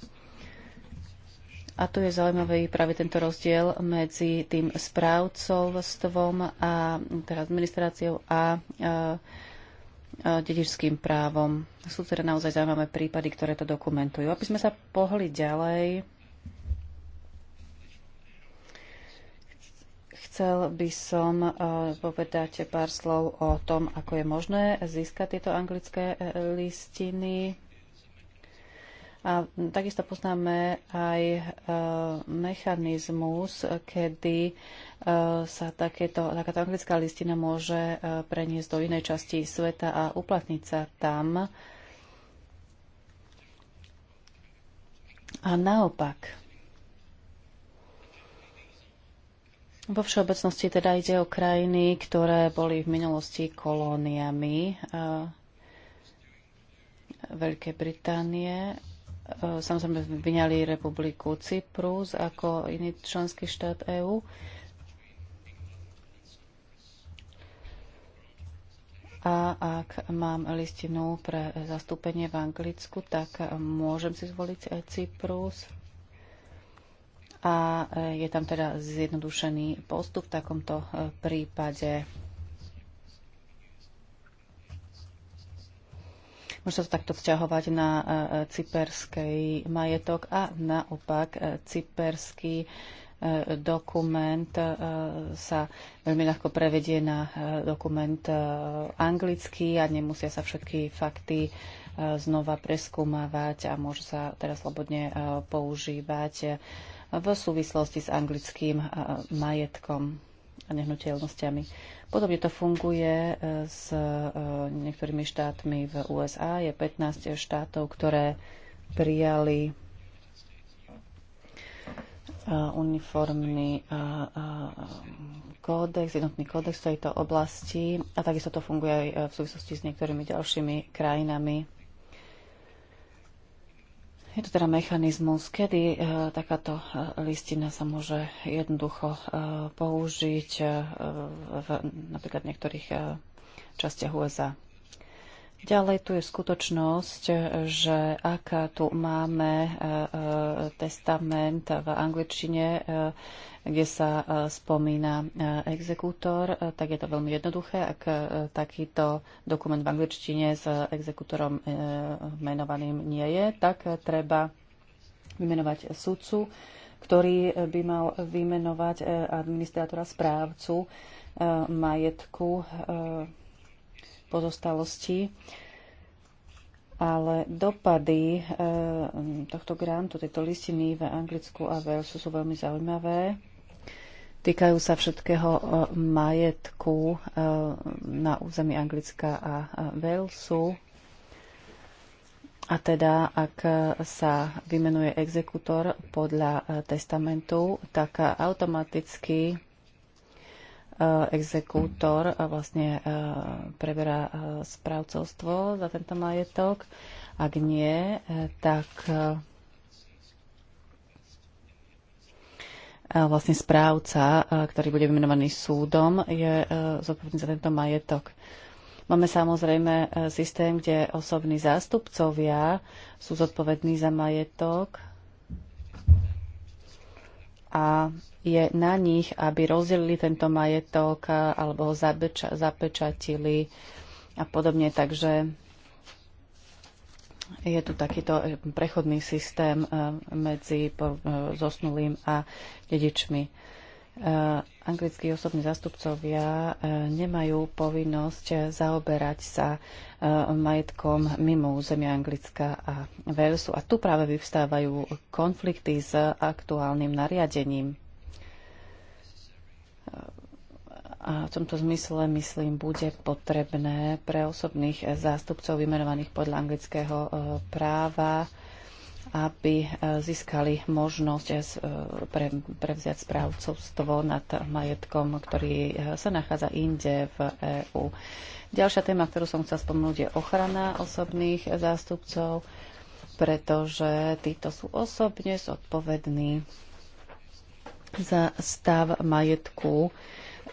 A tu je zaujímavý práve tento rozdiel medzi tým správcovstvom a teda administráciou a, a dedičským právom. Sú teda naozaj zaujímavé prípady, ktoré to dokumentujú. Aby sme sa pohli ďalej, Chcel by som eh, povedať pár slov o tom, ako je možné získať tieto anglické eh, listiny. A takisto poznáme aj eh, mechanizmus, kedy sa takéto, takáto anglická listina môže preniesť do inej časti sveta a uplatniť sa tam. A naopak, Vo všeobecnosti teda ide o krajiny, ktoré boli v minulosti kolóniami Veľkej Británie. Samozrejme vyňali republiku Cyprus ako iný členský štát EÚ. A ak mám listinu pre zastúpenie v Anglicku, tak môžem si zvoliť Cyprus a e, je tam teda zjednodušený postup v takomto e, prípade. Môže sa to takto vzťahovať na e, cyperský majetok a naopak cyperský dokument sa veľmi ľahko prevedie na dokument anglický a nemusia sa všetky fakty znova preskúmavať a môže sa teraz slobodne používať v súvislosti s anglickým majetkom a nehnuteľnosťami. Podobne to funguje e, s e, niektorými štátmi v USA. Je 15 štátov, ktoré prijali e, uniformný kódex, jednotný kódex v tejto oblasti a takisto to funguje aj v súvislosti s niektorými ďalšími krajinami. Je to teda mechanizmus, kedy e, takáto e, listina sa môže jednoducho e, použiť v napríklad niektorých častiach USA. Ďalej tu je skutočnosť, že ak tu máme eh, eh, testament v angličtine, eh, kde sa spomína exekútor, tak je to veľmi jednoduché. Ak takýto dokument v angličtine s exekútorom menovaným nie je, tak treba vymenovať sudcu, ktorý by mal vymenovať administrátora správcu majetku pozostalosti. ale dopady e, tohto grantu, tejto listiny v Anglicku a Walesu sú veľmi zaujímavé. Týkajú sa všetkého e, majetku e, na území Anglicka a Walesu. A teda, ak sa vymenuje exekutor podľa testamentu, tak automaticky Eh, exekútor vlastne eh, preberá eh, správcovstvo za tento majetok. Ak nie, tak vlastne správca, ktorý bude vymenovaný súdom, je zodpovedný za tento majetok. Máme samozrejme systém, kde osobní zástupcovia sú zodpovední za majetok a je na nich, aby rozdelili tento majetok alebo ho zapeča- zapečatili a podobne. Takže je tu takýto prechodný systém eh, medzi eh, zosnulým a dedičmi. Eh, anglickí osobní zastupcovia eh, nemajú povinnosť zaoberať sa eh, majetkom mimo územia Anglicka a Walesu. A tu práve vyvstávajú konflikty s aktuálnym nariadením. A v tomto zmysle, myslím, bude potrebné pre osobných zástupcov vymenovaných podľa anglického práva aby e, získali možnosť e, e, pre, prevziať správcovstvo nad majetkom, ktorý sa nachádza inde v EÚ. Ďalšia téma, ktorú som chcela spomenúť, je ochrana osobných zástupcov, pretože títo sú osobne zodpovední za stav majetku,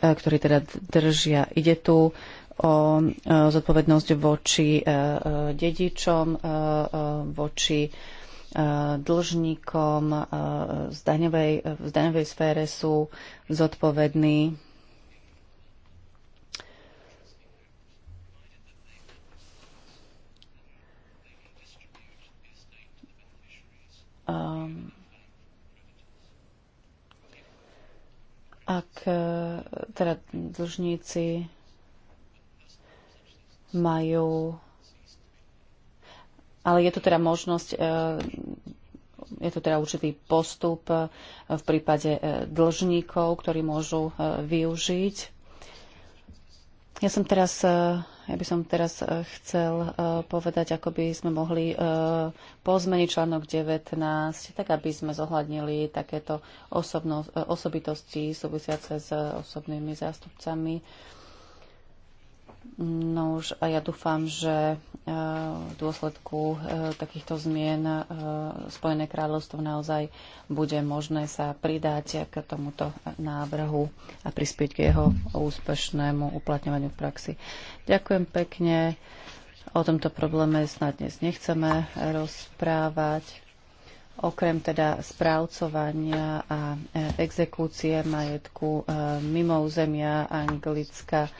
ktorý teda držia. Ide tu o zodpovednosť voči dedičom, voči Eh, dlžníkom eh, z daňovej, v daňovej sfére sú zodpovední. Ehm, ak eh, teda dlžníci majú ale je tu teda možnosť, e, je tu teda určitý postup e, v prípade e, dlžníkov, ktorí môžu využiť. Ja som teraz ja by som teraz chcel povedať, ako by sme mohli pozmeniť článok 19, tak aby sme zohľadnili takéto osobno, osobitosti súvisiace s osobnými zástupcami. No už a ja dúfam, že e, v dôsledku e, takýchto zmien e, Spojené kráľovstvo naozaj bude možné sa pridať k tomuto návrhu a prispieť k jeho úspešnému uplatňovaniu v praxi. Ďakujem pekne. O tomto probléme snad dnes nechceme rozprávať. Okrem teda správcovania a exekúcie majetku mimo územia Anglicka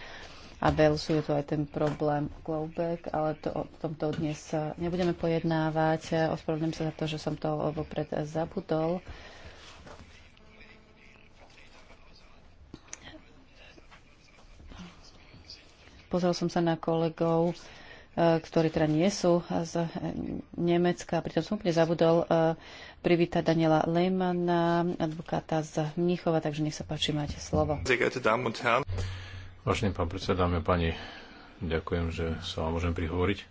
a Belsu. Je tu aj ten problém Globek, ale to, o tomto dnes nebudeme pojednávať. Ospravedlňujem sa za to, že som to vopred zabudol. Pozrel som sa na kolegov, eh, ktorí teda nie sú z Nemecka. Pritom som úplne zabudol eh, privítať Daniela Lehmana, advokáta z Mnichova, takže nech sa páči, máte slovo. Vážený pán predseda, dámy a páni, ďakujem, že sa vám môžem prihovoriť.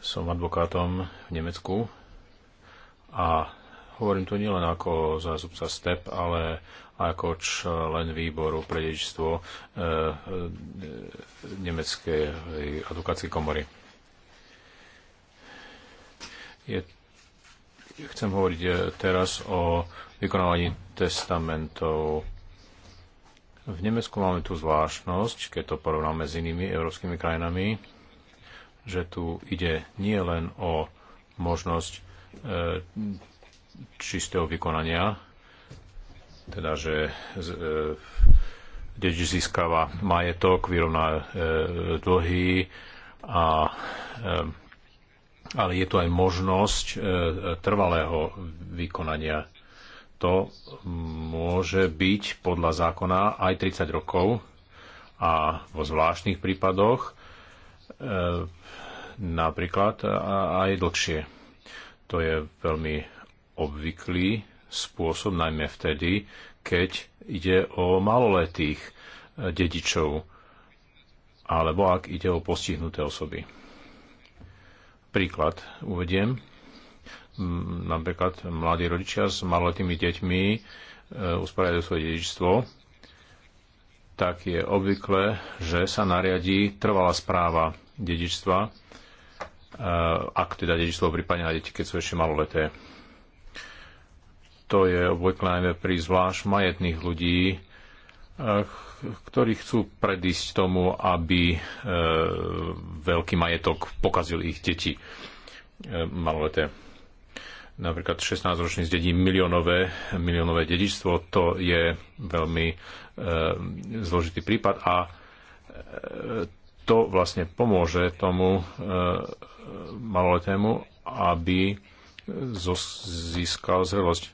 Som advokátom v Nemecku a hovorím to nielen ako zástupca STEP, ale ako člen výboru pre dedičstvo e, e, Nemeckej advokátskej komory. Je, chcem hovoriť e, teraz o vykonávaní testamentov v Nemecku máme tú zvláštnosť, keď to porovnáme s inými európskymi krajinami, že tu ide nie len o možnosť e, čistého vykonania, teda že e, deč získava majetok, vyrovná e, dlhy, a, e, ale je tu aj možnosť e, trvalého vykonania to môže byť podľa zákona aj 30 rokov a vo zvláštnych prípadoch e, napríklad aj dlhšie. To je veľmi obvyklý spôsob, najmä vtedy, keď ide o maloletých e, dedičov alebo ak ide o postihnuté osoby. Príklad uvediem Napríklad mladí rodičia s maloletými deťmi e, usporiadajú svoje dedičstvo, tak je obvykle, že sa nariadí trvalá správa dedičstva, e, ak teda dedičstvo prípadne na deti, keď sú ešte maloleté. To je obvykle najmä pri zvlášť majetných ľudí, e, ktorí chcú predísť tomu, aby veľký majetok pokazil ich deti maloleté. Napríklad 16-ročný zdedí miliónové, miliónové dedičstvo, to je veľmi e, zložitý prípad a e, to vlastne pomôže tomu e, maloletému, aby získal zrelosť.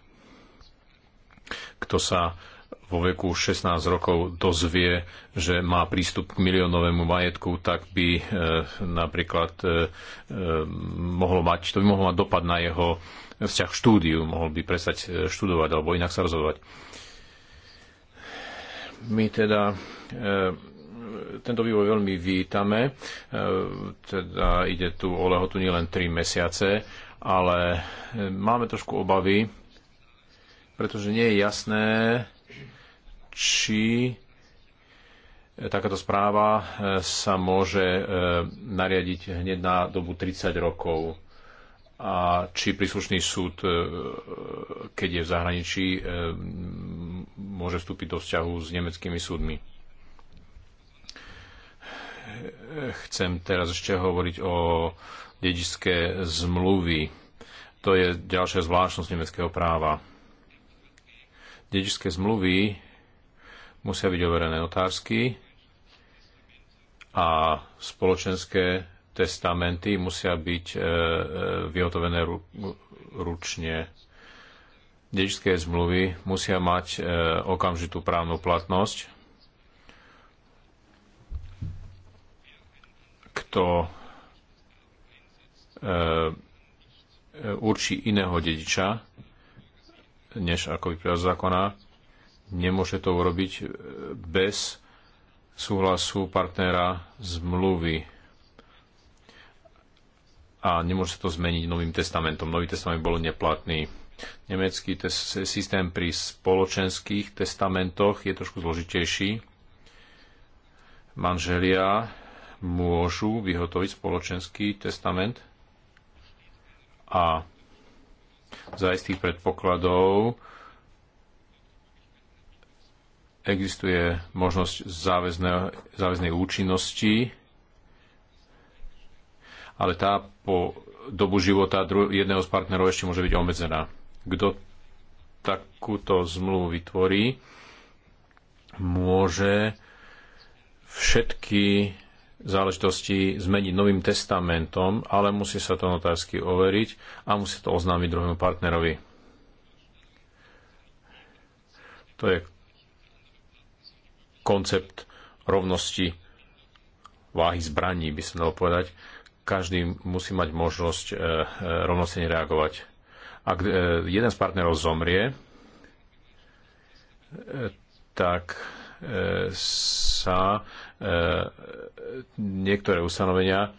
Kto sa vo veku 16 rokov dozvie, že má prístup k miliónovému majetku, tak by e, napríklad e, e mohlo mať, to by mohlo mať dopad na jeho vzťah štúdiu, mohol by prestať e, študovať alebo inak sa rozhodovať. My teda e, tento vývoj veľmi vítame. E, teda ide tu o lehotu nielen 3 mesiace, ale máme trošku obavy, pretože nie je jasné, či takáto správa sa môže nariadiť hneď na dobu 30 rokov a či príslušný súd, e, keď je v zahraničí, e, môže vstúpiť do vzťahu s nemeckými súdmi. Chcem teraz ešte hovoriť o dedičské zmluvy. To je ďalšia zvláštnosť nemeckého práva. Dedičské zmluvy musia byť overené otársky a spoločenské testamenty musia byť e, e, vyhotovené ručne. Dedičské zmluvy musia mať e, okamžitú právnu platnosť. Kto určí iného dediča, než ako vyplýva zákona, nemôže to urobiť bez súhlasu partnera zmluvy a nemôže sa to zmeniť novým testamentom. Nový testament bol neplatný. Nemecký systém pri spoločenských testamentoch je trošku zložitejší. Manželia môžu vyhotoviť spoločenský testament a za istých predpokladov existuje možnosť záväznej, záväznej účinnosti ale tá po dobu života jedného z partnerov ešte môže byť obmedzená. Kto takúto zmluvu vytvorí, môže všetky záležitosti zmeniť novým testamentom, ale musí sa to notársky overiť a musí to oznámiť druhému partnerovi. To je koncept rovnosti váhy zbraní, by som dal povedať každý musí mať možnosť e, e, rovnocene reagovať. Ak e, jeden z partnerov zomrie, tak sa niektoré ustanovenia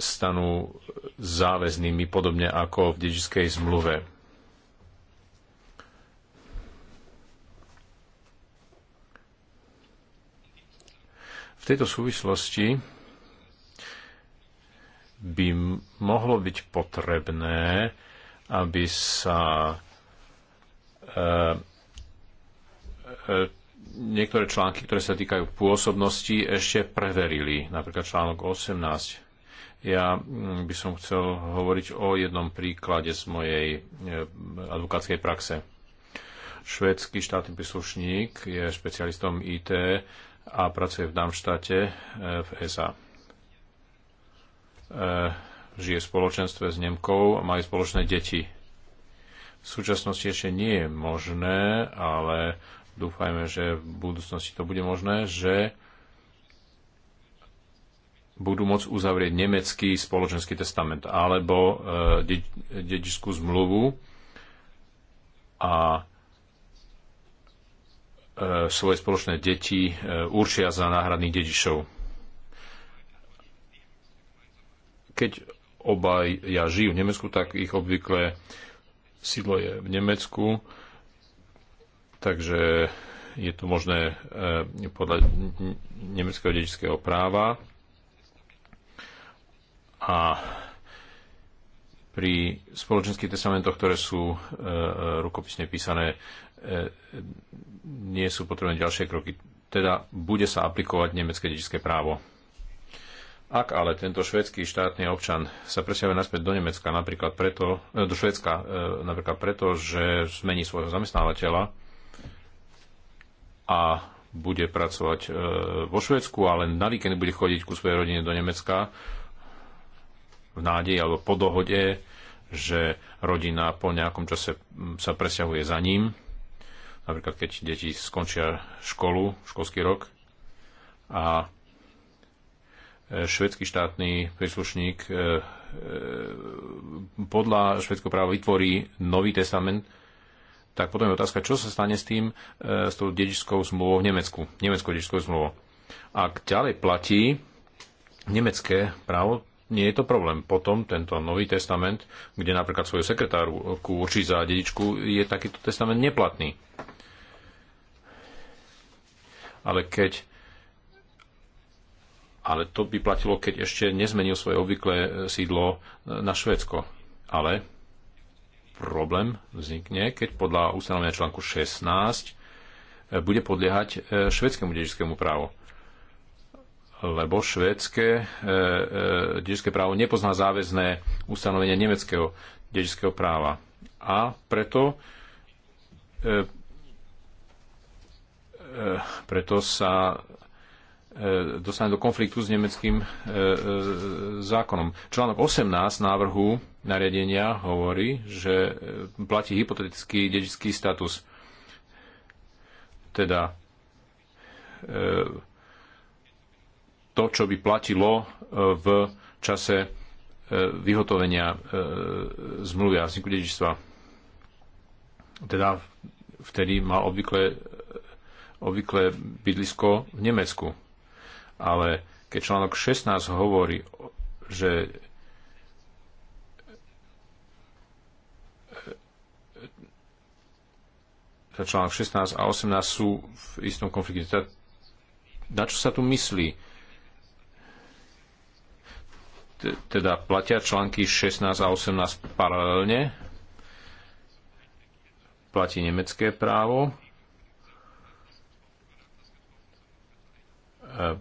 stanú záväznými, podobne ako v dedičskej zmluve. V tejto súvislosti by mohlo byť potrebné, aby sa eh, eh, niektoré články, ktoré sa týkajú pôsobnosti, ešte preverili. Napríklad článok 18. Ja mm, by som chcel hovoriť o jednom príklade z mojej eh, advokátskej praxe. Švédsky štátny príslušník je špecialistom IT a pracuje v Damštate, v ESA. E, žije v spoločenstve s Nemkou a majú spoločné deti. V súčasnosti ešte nie je možné, ale dúfajme, že v budúcnosti to bude možné, že budú môcť uzavrieť nemecký spoločenský testament alebo e, dedičskú zmluvu a e, svoje spoločné deti e, určia za náhradných dedičov. Keď obaja žijú v Nemecku, tak ich obvykle sídlo je v Nemecku, takže je to možné e, podľa nemeckého dedičského práva. A pri spoločenských testamentoch, ktoré sú e, rukopisne písané, e, nie sú potrebné ďalšie kroky. Teda bude sa aplikovať nemecké dedičské právo. Ak ale tento švedský štátny občan sa presťahuje naspäť do Nemecka napríklad preto, e, do Švedska e, napríklad preto, že zmení svojho zamestnávateľa a bude pracovať e, vo Švedsku a len na víkend bude chodiť ku svojej rodine do Nemecka v nádeji alebo po dohode, že rodina po nejakom čase sa presťahuje za ním, napríklad keď deti skončia školu, školský rok a švedský štátny príslušník e, e, podľa švedského práva vytvorí nový testament, tak potom je otázka, čo sa stane s tým, e, s tou dedičskou zmluvou v Nemecku, nemeckou dedičskou zmluvou. Ak ďalej platí nemecké právo, nie je to problém. Potom tento nový testament, kde napríklad svoju sekretáru kúči za dedičku, je takýto testament neplatný. Ale keď ale to by platilo, keď ešte nezmenil svoje obvyklé e, sídlo e, na Švédsko. Ale problém vznikne, keď podľa ustanovenia článku 16 e, bude podliehať švedskému dedičskému právu. Lebo švedské dedičské právo nepozná záväzné ustanovenie nemeckého dedičského práva. A preto preto sa E, dostane do konfliktu s nemeckým e, e, zákonom. Článok 18 návrhu nariadenia hovorí, že platí hypotetický dedičský status. Teda to, čo by platilo v čase vyhotovenia zmluvy a vzniku dedičstva. Teda vtedy mal obvykle, obvykle bydlisko v Nemecku ale keď článok 16 hovorí, že e, e, článok 16 a 18 sú v istom konflikte. Teda, na čo sa tu myslí? Teda platia články 16 a 18 paralelne? Platí nemecké právo? E,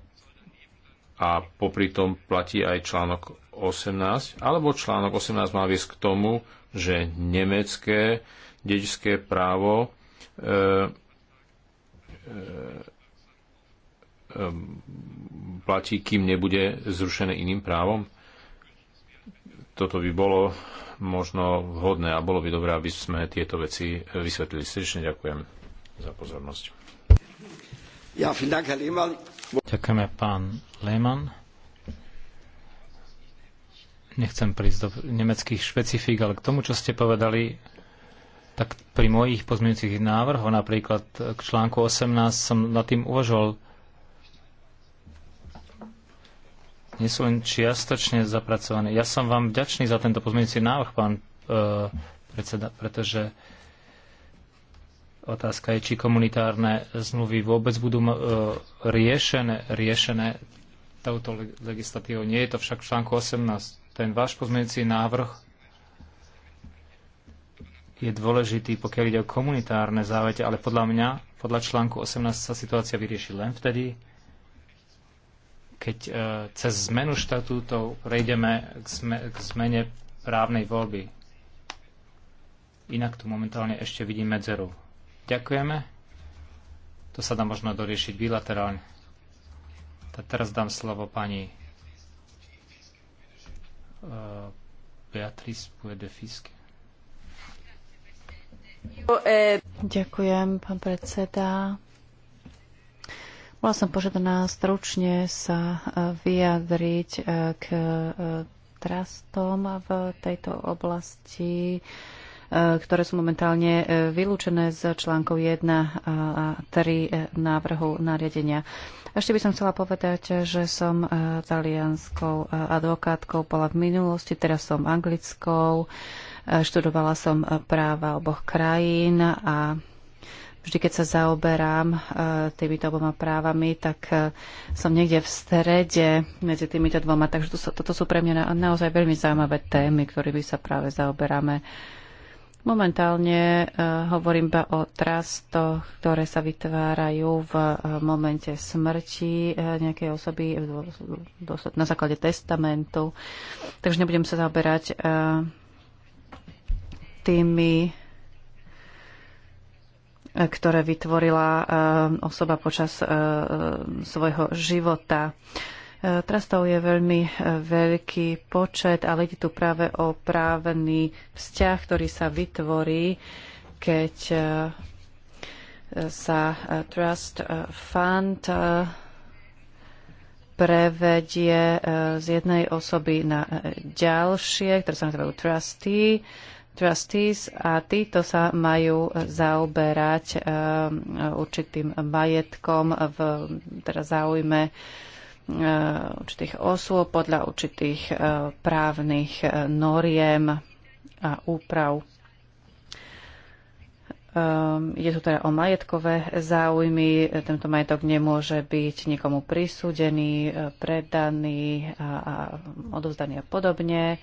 a popri tom platí aj článok 18, alebo článok 18 má viesť k tomu, že nemecké dedičské právo e, e, e, platí, kým nebude zrušené iným právom. Toto by bolo možno vhodné a bolo by dobré, aby sme tieto veci vysvetlili. Srdečne ďakujem za pozornosť. Ja, vielen Dank, Herr Lehmann. Ďakujeme pán Lehmann. Nechcem prísť do nemeckých špecifík, ale k tomu, čo ste povedali, tak pri mojich pozmeňujúcich návrhoch, napríklad k článku 18, som nad tým uvažoval, nie sú len čiastočne zapracované. Ja som vám vďačný za tento pozmeňujúci návrh, pán e, predseda, pretože e, Otázka je, či komunitárne zmluvy vôbec budú e, riešené, riešené touto legislatívou. Nie je to však v článku 18. Ten váš pozmeňujúci návrh je dôležitý, pokiaľ ide o komunitárne závete, ale podľa mňa, podľa článku 18 sa situácia vyrieši len vtedy, keď e, cez zmenu štatútov prejdeme k zmene právnej voľby. Inak tu momentálne ešte vidím medzeru. Ďakujeme. To sa dá možno doriešiť bilaterálne. Tak teraz dám slovo pani e, Beatrice Puedefiske. Ďakujem, pán predseda. Bola som požiadaná stručne sa e, vyjadriť e, k trastom v tejto oblasti ktoré sú momentálne e, vylúčené z článkov 1 a 3 e, návrhu nariadenia. Ešte by som chcela povedať, že som e, talianskou advokátkou, bola v minulosti, teraz som anglickou, študovala som práva oboch krajín a vždy, keď sa zaoberám týmito oboma právami, tak som niekde v strede medzi týmito dvoma. Takže toto sú pre mňa naozaj veľmi zaujímavé témy, ktorými sa práve zaoberáme. Momentálne e, hovorím iba o trastoch, ktoré sa vytvárajú v e, momente smrti e, nejakej osoby na základe testamentu. Takže nebudem sa zaoberať tými ktoré vytvorila osoba počas svojho života. Trastov je veľmi e, veľký počet, ale ide tu práve o právny vzťah, ktorý sa vytvorí, keď e, sa e, Trust Fund prevedie z jednej osoby na ďalšie, ktoré sa nazývajú trustee, trustees a títo sa majú zaoberať určitým majetkom v teda záujme Eh, určitých osôb podľa určitých eh, právnych eh, noriem a úprav. Je ehm, tu teda o majetkové záujmy. Tento majetok nemôže byť nikomu prisúdený, predaný a, odovzdaný a podobne.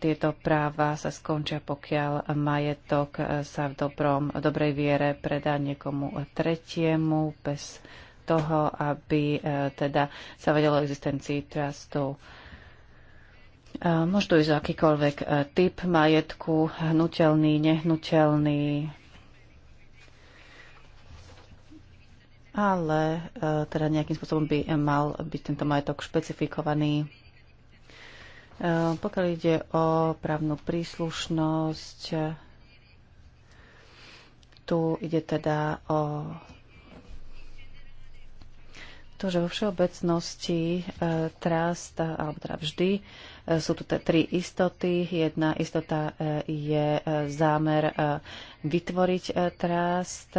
Tieto práva sa skončia, pokiaľ majetok sa v dobrom, v dobrej viere predá niekomu tretiemu bez toho, aby e, teda sa vedelo o existencii trastov. E, môže ísť akýkoľvek e, typ majetku, hnutelný, nehnuteľný, ale teda nejakým spôsobom by mal byť tento majetok špecifikovaný. Pokiaľ ide o právnu príslušnosť, tu ide teda o to, že vo všeobecnosti e, trast, alebo teda vždy, e, sú tu tri istoty. Jedna istota e, je zámer vytvoriť trast,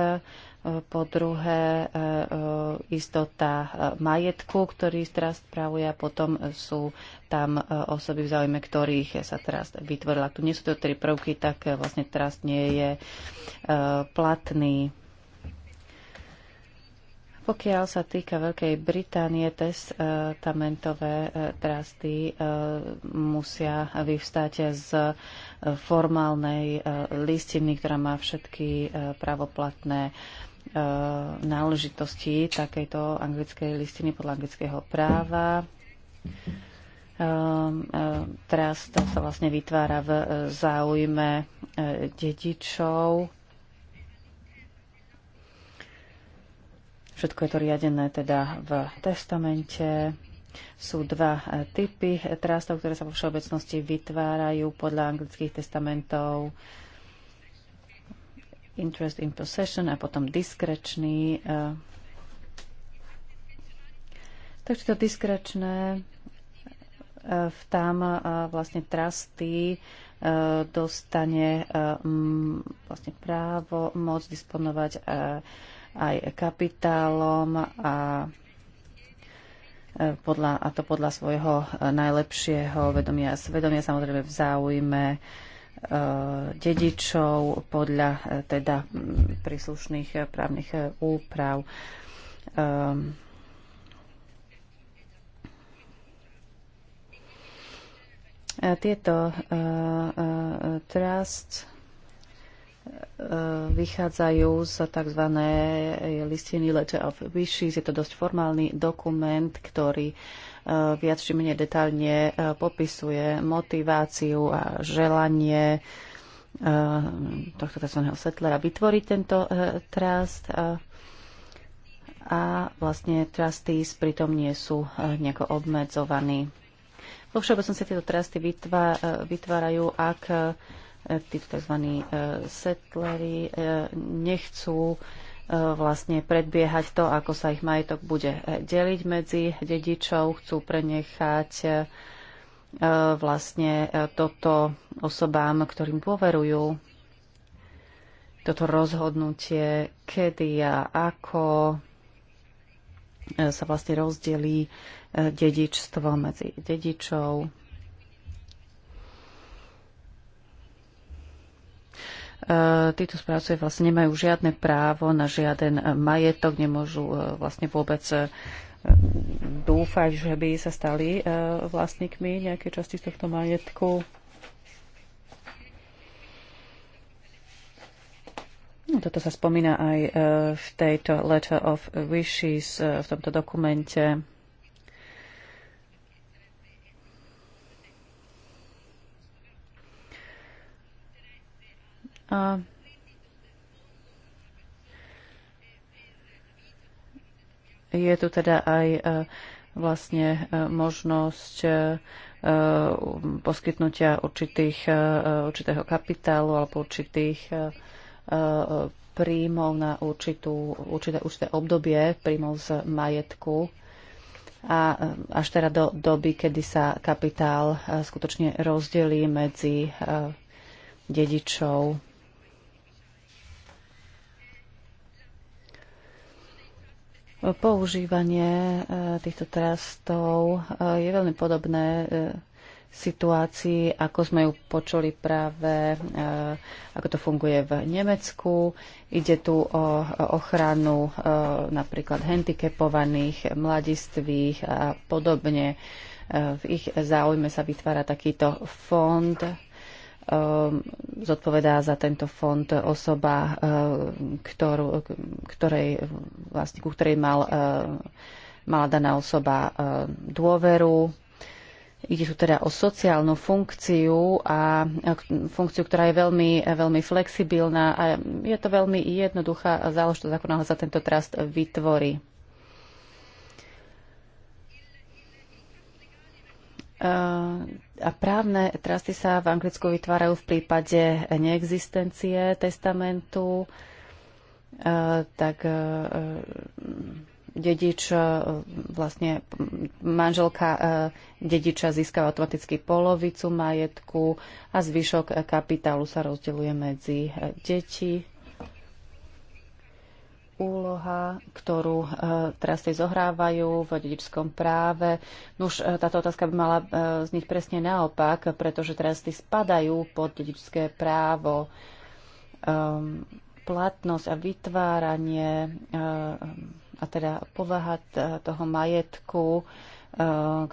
po druhé istota majetku, ktorý trast pravuje a potom sú tam osoby v záujme, ktorých sa trast vytvorila. Tu nie sú to tri prvky, tak vlastne trast nie je platný. Pokiaľ sa týka Veľkej Británie, testamentové e, e, trasty e, musia vyvstať z formálnej listiny, ktorá má všetky pravoplatné náležitosti takejto anglickej listiny podľa anglického práva. Trast sa vlastne vytvára v záujme dedičov Všetko je to riadené teda v testamente. Sú dva e, typy trastov, ktoré sa vo všeobecnosti vytvárajú podľa anglických testamentov. Interest in possession a potom diskrečný. E. Takže to diskrečné e, tam vlastne trasty dostane vlastne právo môcť disponovať aj kapitálom a e, podľa, a to podľa svojho e, najlepšieho vedomia. Svedomia samozrejme v záujme e, dedičov podľa teda príslušných právnych úprav. Ehm, tieto trust vychádzajú z tzv. listiny Letter of Wishes. Je to dosť formálny dokument, ktorý e, viac či menej detálne e, popisuje motiváciu a želanie e, tohto tzv. setlera vytvoriť tento trust a vlastne trustees pritom nie sú nejako obmedzovaní. Vo všeobecnosti tieto trusty vytvárajú, ak E, tí tzv. E, setleri e, nechcú vlastne predbiehať to, ako sa ich majetok bude deliť medzi dedičov, chcú prenechať vlastne toto osobám, ktorým poverujú, toto rozhodnutie, kedy a ako sa vlastne rozdelí dedičstvo medzi dedičov, E, títo správcovia vlastne nemajú žiadne právo na žiaden e, majetok, nemôžu e, vlastne vôbec dúfať, že by sa stali vlastníkmi nejakej časti z tohto majetku. Toto sa spomína aj v tejto Letter of Wishes, v tomto dokumente. A je tu teda aj e, vlastne e, možnosť e, poskytnutia určitých, určitého kapitálu alebo určitých príjmov na určitú, určité, určité obdobie príjmov z majetku a až teda do doby, kedy sa kapitál skutočne rozdelí medzi dedičov Používanie e, týchto trastov e, je veľmi podobné e, situácii, ako sme ju počuli práve, ako to funguje v Nemecku. Ide tu o ochranu napríklad handicapovaných, mladistvých a podobne. V ich záujme sa vytvára takýto fond, Ehm, zodpovedá za tento fond osoba, ehm, ktorú, ktorej, vlastne, ku ktorej mal, ehm, mala daná osoba dôveru. Ide tu teda o sociálnu funkciu a funkciu, ktorá je veľmi, veľmi flexibilná a je to veľmi jednoduchá záležitosť, ako náhle sa tento trust vytvorí. A právne trasty sa v Anglicku vytvárajú v prípade neexistencie testamentu, e, tak e, e, dedič, vlastne manželka dediča získava automaticky polovicu majetku a zvyšok kapitálu sa rozdeluje medzi deti úloha, ktorú e, teraz tie zohrávajú v dedičskom práve. Nuž, e, táto otázka by mala e, z nich presne naopak, pretože teraz tí spadajú pod dedičské právo. Um, platnosť a vytváranie a teda povaha toho majetku,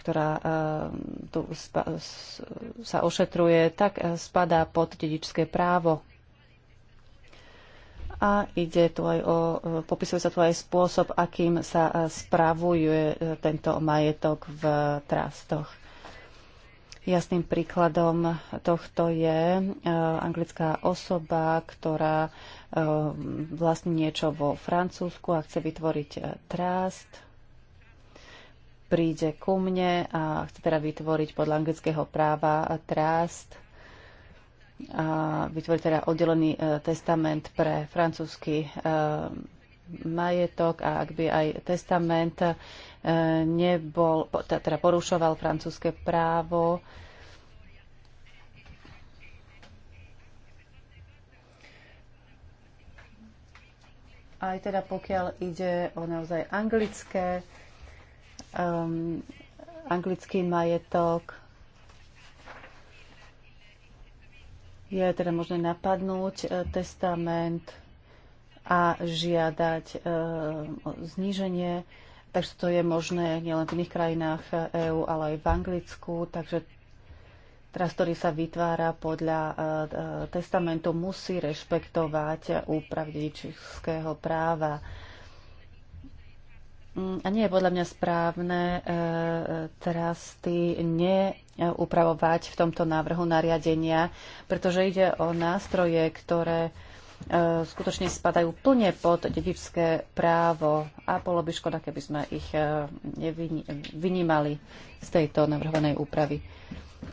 ktorá tu sa ošetruje, tak spadá pod dedičské právo a ide tu aj o, e, popisuje sa tu aj spôsob, akým sa e, spravuje e, tento majetok v trastoch. Jasným príkladom tohto je anglická osoba, ktorá vlastní niečo vo Francúzsku a chce vytvoriť trust príde ku mne a chce teda vytvoriť podľa anglického práva trust a vytvorí teda oddelený e, testament pre francúzsky e, majetok a ak by aj testament e, nebol, teda porušoval francúzske právo, aj teda pokiaľ ide o naozaj anglické, um, anglický majetok, je teda možné napadnúť e, testament a žiadať e, zníženie. Takže to je možné nielen v iných krajinách EÚ, e ale aj v Anglicku. Takže teraz, ktorý sa vytvára podľa testamentu, musí rešpektovať úprav práva. Mm, a nie je podľa mňa správne e, trasty ne upravovať v tomto návrhu nariadenia, pretože ide o nástroje, ktoré e, skutočne spadajú plne pod dedičské právo a bolo by škoda, keby sme ich e, vynímali z tejto navrhovanej úpravy.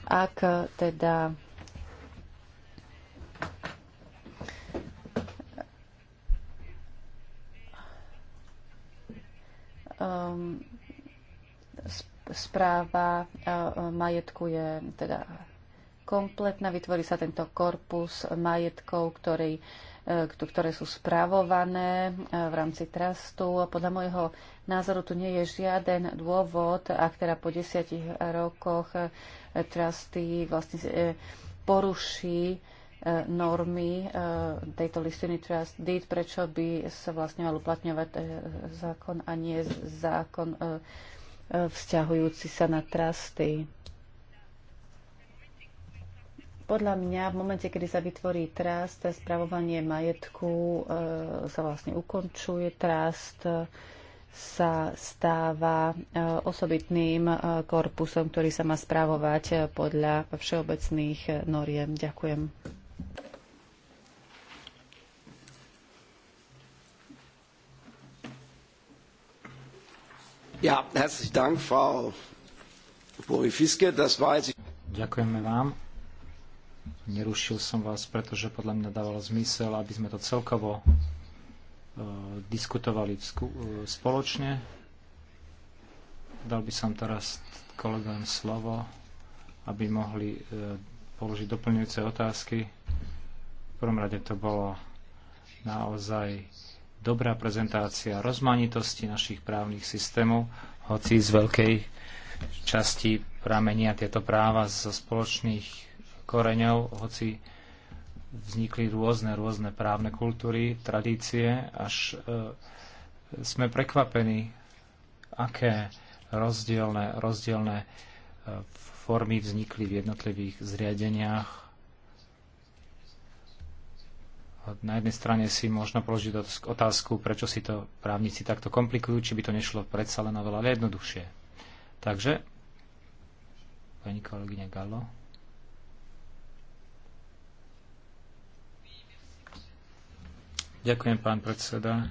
Ak teda um, správa e, e, majetku je teda kompletná. Vytvorí sa tento korpus majetkov, ktorý, e, ktoré sú spravované v rámci trastu. Podľa môjho názoru tu nie je žiaden dôvod, ak teda po desiatich rokoch trasty vlastne poruší normy tejto listiny Trust Deed, prečo by sa vlastne mal uplatňovať zákon a nie zákon E, vzťahujúci sa na trasty. Podľa mňa v momente, kedy sa vytvorí trast, spravovanie majetku e, sa vlastne ukončuje, trast sa stáva e, osobitným korpusom, ktorý sa má spravovať podľa všeobecných noriem. Ďakujem. Ja, herzlichen Dank, Frau Borifiske. Das war jetzt... Ďakujeme vám. Nerušil som vás, pretože podľa mňa dávalo zmysel, aby sme to celkovo e, diskutovali sku, e, spoločne. Dal by som teraz kolegom slovo, aby mohli e, položiť doplňujúce otázky. V prvom rade to bolo naozaj dobrá prezentácia rozmanitosti našich právnych systémov, hoci z veľkej časti pramenia tieto práva zo spoločných koreňov, hoci vznikli rôzne, rôzne právne kultúry, tradície, až e, sme prekvapení, aké rozdielne, rozdielne e, formy vznikli v jednotlivých zriadeniach na jednej strane si možno položiť otázku, prečo si to právnici takto komplikujú, či by to nešlo predsa len oveľa jednoduchšie. Takže, pani kolegyňa Galo. Ďakujem, pán predseda.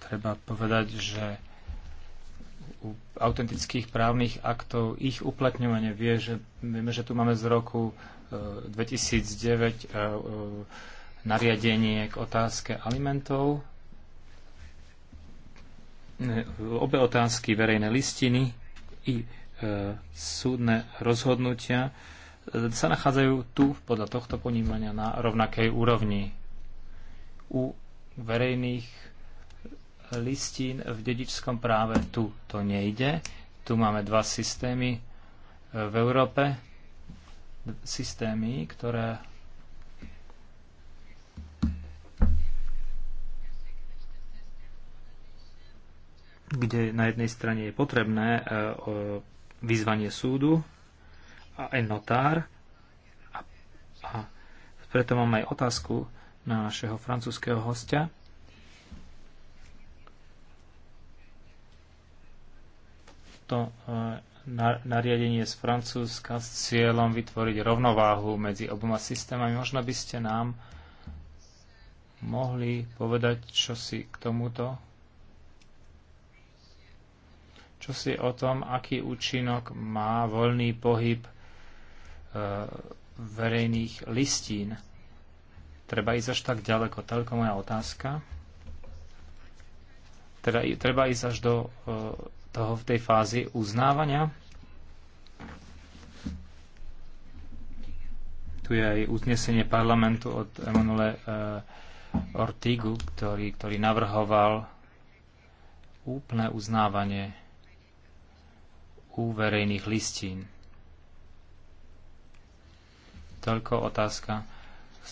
Treba povedať, že autentických právnych aktov, ich uplatňovanie. Vie, že, vieme, že tu máme z roku 2009 e, e, e, nariadenie k otázke alimentov. Obe otázky verejné listiny i súdne rozhodnutia sa nachádzajú tu, podľa tohto ponímania, na rovnakej úrovni. U verejných listín v dedičskom práve tu to nejde. Tu máme dva systémy e, v Európe. Systémy, ktoré kde na jednej strane je potrebné e, vyzvanie súdu a aj notár. A, preto mám aj otázku na našeho francúzského hostia. to e, nariadenie z Francúzska s cieľom vytvoriť rovnováhu medzi oboma systémami. Možno by ste nám mohli povedať, čo si k tomuto čo si o tom, aký účinok má voľný pohyb e, verejných listín. Treba ísť až tak ďaleko, toľko moja otázka. Teda treba ísť až do e, toho v tej fázi uznávania. Tu je aj uznesenie parlamentu od Emanuele eh, Ortigu, ktorý, ktorý navrhoval úplné uznávanie úverejných listín. Toľko otázka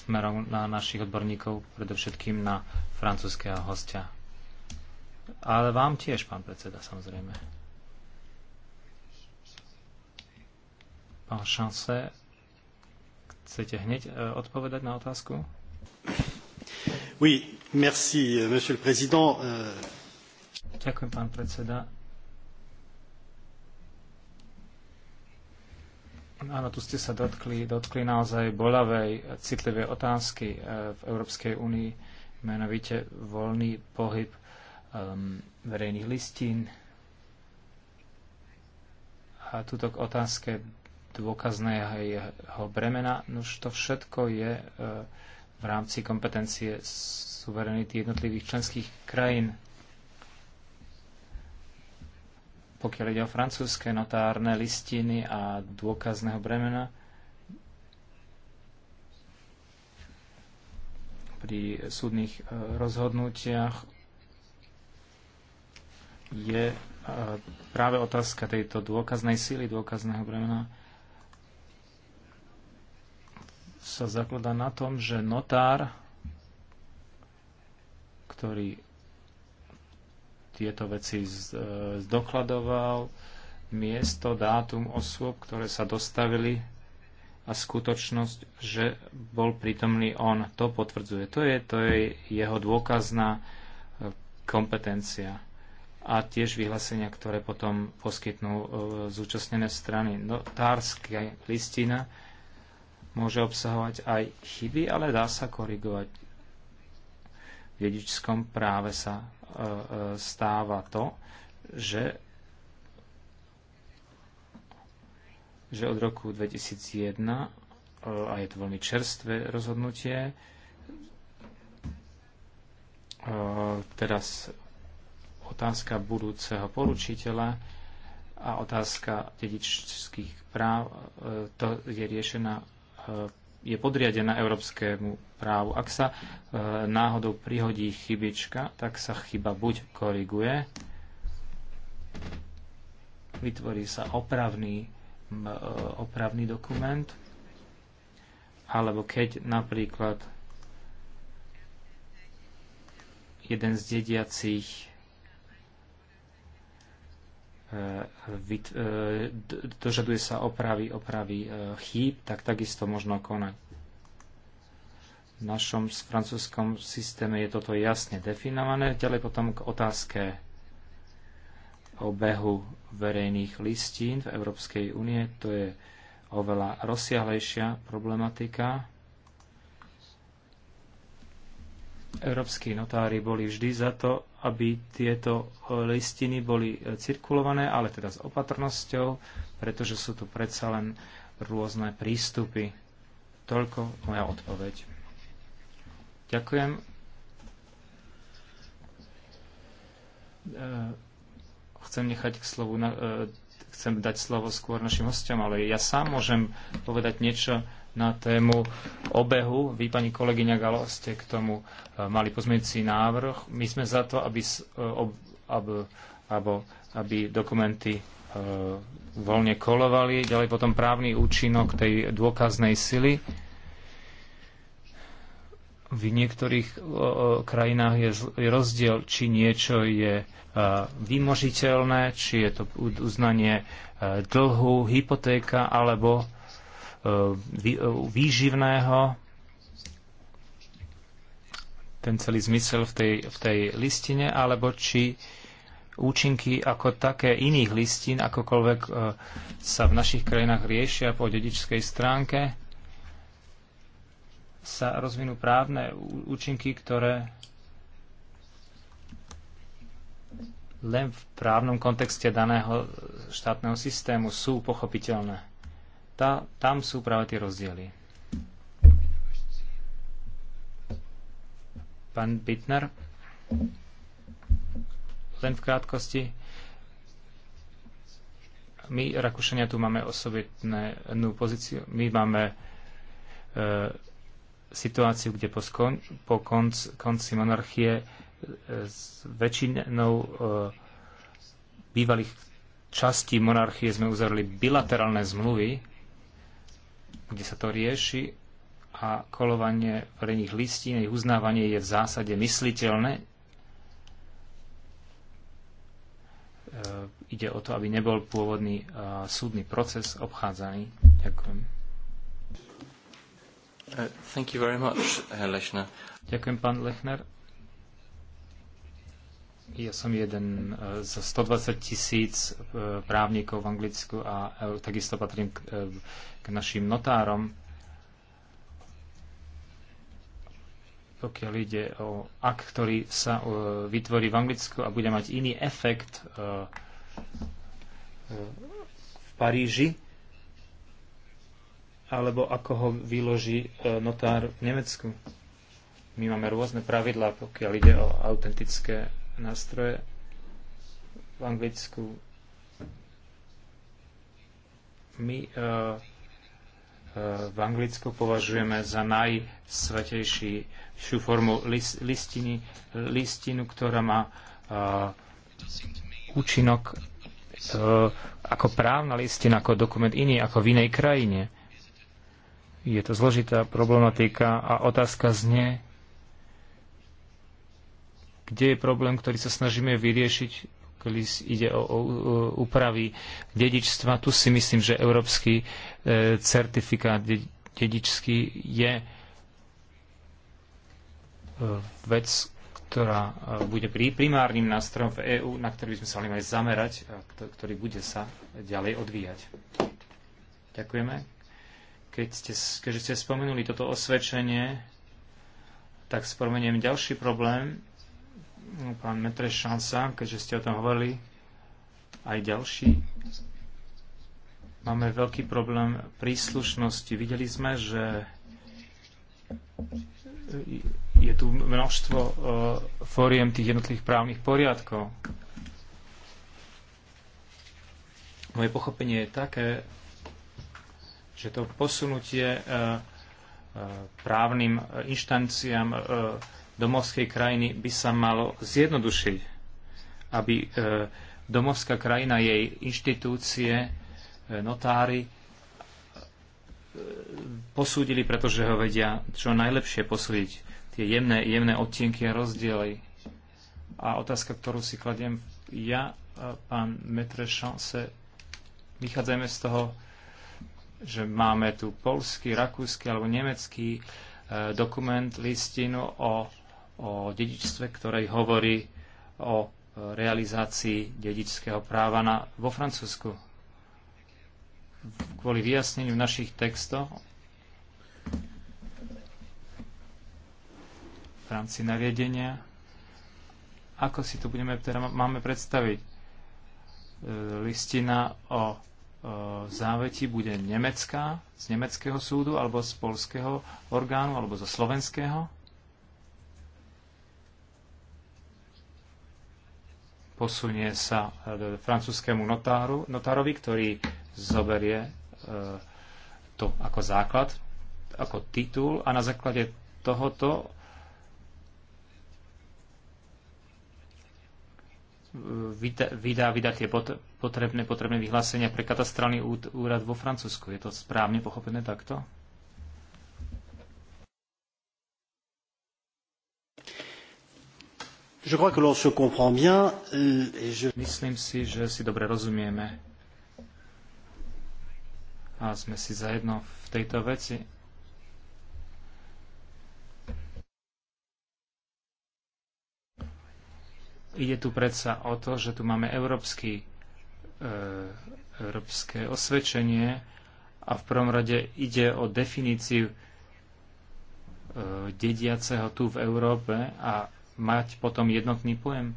smerom na našich odborníkov, predovšetkým na francúzského hostia. Ale vám tiež, pán predseda, samozrejme. Pán Šance, chcete hneď e, odpovedať na otázku? Oui, merci, euh, monsieur le président. Euh, Ďakujem, pán predseda. Áno, tu ste sa dotkli, dotkli naozaj bolavej, citlivej otázky e, v Európskej únii, menovite voľný pohyb um, verejných listín. A tuto k otázke dôkazného bremena, už to všetko je uh, v rámci kompetencie suverenity jednotlivých členských krajín. Pokiaľ ide o francúzske notárne listiny a dôkazného bremena, pri súdnych uh, rozhodnutiach je e, práve otázka tejto dôkaznej síly, dôkazného bremena sa zakladá na tom, že notár, ktorý tieto veci e, zdokladoval, miesto, dátum osôb, ktoré sa dostavili a skutočnosť, že bol prítomný on, to potvrdzuje. To je, to je jeho dôkazná e, kompetencia a tiež vyhlásenia, ktoré potom poskytnú e, zúčastnené strany. Notárska listina môže obsahovať aj chyby, ale dá sa korigovať. V dedičskom práve sa e, e, stáva to, že že od roku 2001, a je to veľmi čerstvé rozhodnutie, teraz otázka budúceho poručiteľa a otázka dedičských práv e, to je riešená e, je podriadená európskemu právu. Ak sa e, náhodou prihodí chybička, tak sa chyba buď koriguje, vytvorí sa opravný, opravný dokument, alebo keď napríklad jeden z dediacich dožaduje sa opravy, opravy e, chýb, tak takisto možno konať. V našom francúzskom systéme je toto jasne definované. Ďalej potom k otázke obehu verejných listín v Európskej únie. To je oveľa rozsiahlejšia problematika. Európsky notári boli vždy za to, aby tieto e, listiny boli e, cirkulované, ale teda s opatrnosťou, pretože sú tu predsa len rôzne prístupy. Toľko moja odpoveď. Ďakujem. E, chcem nechať k slovu, chcem dať slovo skôr našim hostom, ale ja sám môžem povedať niečo na tému obehu. Vy, pani kolegyňa Galo, ste k tomu e, mali pozmeňujúci návrh. My sme za to, aby, e, aby, aby dokumenty e, voľne kolovali. Ďalej potom právny účinok tej dôkaznej sily. V niektorých krajinách je rozdiel, či niečo je vymožiteľné, či je to uznanie dlhu, hypotéka alebo E, e, výživného. Ten celý zmysel v tej, v tej listine, alebo či účinky ako také iných listín, akokoľvek e, sa v našich krajinách riešia po dedičskej stránke, sa rozvinú právne účinky, ktoré len v právnom kontexte daného štátneho systému sú pochopiteľné tá, tam sú práve tie rozdiely. Pán Bittner, len v krátkosti. My, Rakúšania, tu máme osobitnú pozíciu. My máme e, situáciu, kde po, skon, po konc, konci monarchie e, s väčšinou e, bývalých častí monarchie sme uzerali bilaterálne zmluvy kde sa to rieši a kolovanie verejných listín, ich uznávanie je v zásade mysliteľné. E, ide o to, aby nebol pôvodný e, súdny proces obchádzaný. Ďakujem. Uh, Thank you very much, Herr uh, Lechner. Ďakujem, pán Lechner. Ja som jeden e, z 120 tisíc e, právnikov v Anglicku a takisto patrím k, e, k našim notárom. Pokiaľ ide o akt, ktorý sa vytvorí v Anglicku a bude mať iný efekt v Paríži, alebo ako ho vyloží notár v Nemecku. My máme rôzne pravidlá, pokiaľ ide o autentické nástroje v Anglicku. My uh, v Anglicku považujeme za najsvetejšiu formu list, listiny, listinu, ktorá má uh, účinok uh, ako právna listina, ako dokument iný, ako v inej krajine. Je to zložitá problematika a otázka znie, kde je problém, ktorý sa snažíme vyriešiť, keď ide o, úpravy dedičstva. Tu si myslím, že európsky e, certifikát dedičský je e, vec, ktorá e, bude primárnym nástrojom v EÚ, na ktorý by sme sa mali aj zamerať a ktorý bude sa ďalej odvíjať. Ďakujeme. Keď ste, keďže ste spomenuli toto osvedčenie, tak spomeniem ďalší problém, No, pán Metre Šansa, keďže ste o tom hovorili, aj ďalší. Máme veľký problém príslušnosti. Videli sme, že je tu množstvo uh, e, fóriem tých jednotlivých právnych poriadkov. Moje pochopenie je také, že to posunutie uh, právnym inštanciám uh, domovskej krajiny by sa malo zjednodušiť, aby e, domovská krajina, jej inštitúcie, e, notári e, posúdili, pretože ho vedia čo najlepšie posúdiť. Tie jemné, jemné odtienky a rozdiely. A otázka, ktorú si kladiem ja, pán Metre Chance, vychádzajme z toho, že máme tu polský, rakúsky alebo nemecký dokument, listinu o o dedičstve, ktorej hovorí o realizácii dedičského práva na, vo Francúzsku. Kvôli vyjasneniu našich textov v rámci nariadenia, ako si to budeme, teda máme predstaviť. E, listina o e, záveti bude nemecká, z nemeckého súdu, alebo z polského orgánu, alebo zo slovenského posunie sa e, francúzskému notáru, notárovi, ktorý zoberie e, to ako základ, ako titul a na základe tohoto e, vydá tie potrebné, potrebné vyhlásenia pre katastrálny úrad vo Francúzsku. Je to správne pochopené takto? Euh, Myslím si, že si dobre rozumieme a sme si zajedno v tejto veci. Ide tu predsa o to, že tu máme európsky, eh, európske osvedčenie a v prvom rade ide o definíciu eh, dediaceho tu v Európe a mať potom jednotný pojem.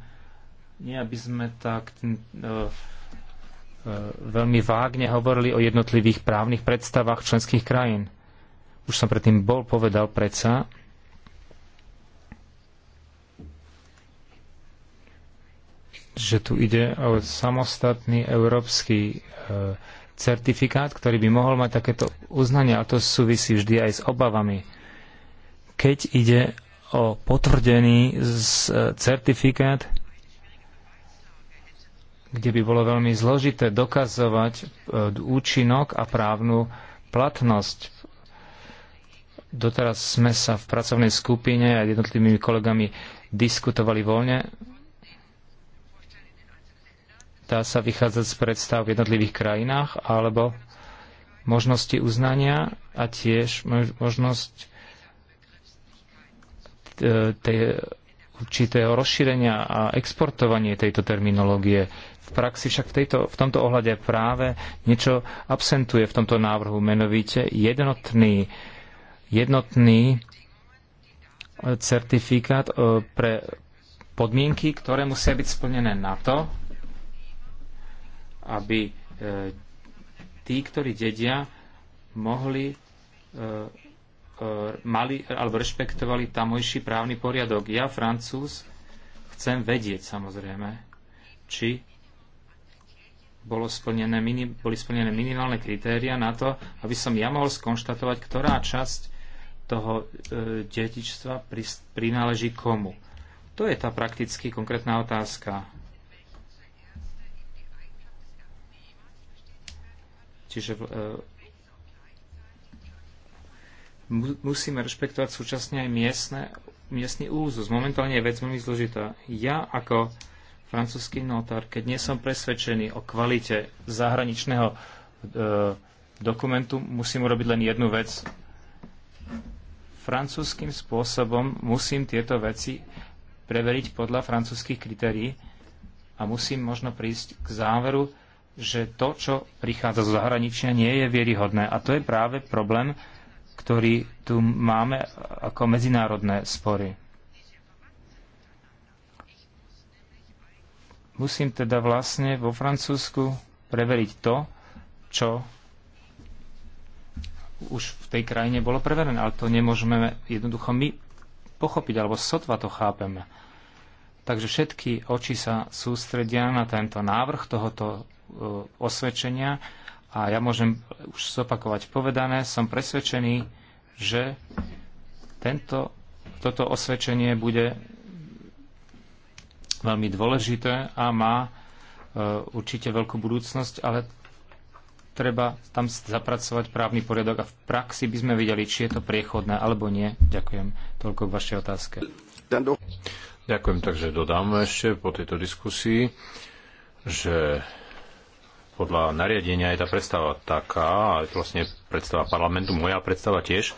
Nie, aby sme tak e, e, veľmi vágne hovorili o jednotlivých právnych predstavách členských krajín. Už som predtým bol povedal predsa, že tu ide o samostatný európsky e, certifikát, ktorý by mohol mať takéto uznanie, a to súvisí vždy aj s obavami. Keď ide o potvrdený e, certifikát, kde by bolo veľmi zložité dokazovať e, účinok a právnu platnosť. Doteraz sme sa v pracovnej skupine a jednotlivými kolegami diskutovali voľne. Dá sa vychádzať z predstav v jednotlivých krajinách alebo možnosti uznania a tiež možnosť E, tej určitého rozšírenia a exportovanie tejto terminológie. V praxi však v, tejto, v tomto ohľade práve niečo absentuje v tomto návrhu, menovite jednotný, jednotný e, certifikát e, pre podmienky, ktoré musia byť splnené na to, aby tí, ktorí dedia, mohli E, mali alebo rešpektovali tamojší právny poriadok. Ja, Francúz, chcem vedieť samozrejme, či bolo splnené, boli splnené minimálne kritéria na to, aby som ja mohol skonštatovať, ktorá časť toho e, detičstva prináleží komu. To je tá prakticky konkrétna otázka. Čiže e, musíme rešpektovať súčasne aj miestne, miestny úzus. Momentálne je vec veľmi zložitá. Ja ako francúzsky notár, keď nie som presvedčený o kvalite zahraničného e, dokumentu, musím urobiť len jednu vec. Francúzským spôsobom musím tieto veci preveriť podľa francúzských kritérií a musím možno prísť k záveru, že to, čo prichádza zo zahraničia, nie je vieryhodné. A to je práve problém, ktorý tu máme ako medzinárodné spory. Musím teda vlastne vo Francúzsku preveriť to, čo už v tej krajine bolo preverené, ale to nemôžeme jednoducho my pochopiť, alebo sotva to chápeme. Takže všetky oči sa sústredia na tento návrh tohoto e, osvedčenia a ja môžem už zopakovať povedané, som presvedčený, že tento, toto osvedčenie bude veľmi dôležité a má e, určite veľkú budúcnosť, ale treba tam zapracovať právny poriadok a v praxi by sme videli, či je to priechodné alebo nie. Ďakujem. Toľko k vašej otázke. Ďakujem, takže dodám ešte po tejto diskusii, že podľa nariadenia je tá predstava taká, a je to vlastne predstava parlamentu, moja predstava tiež,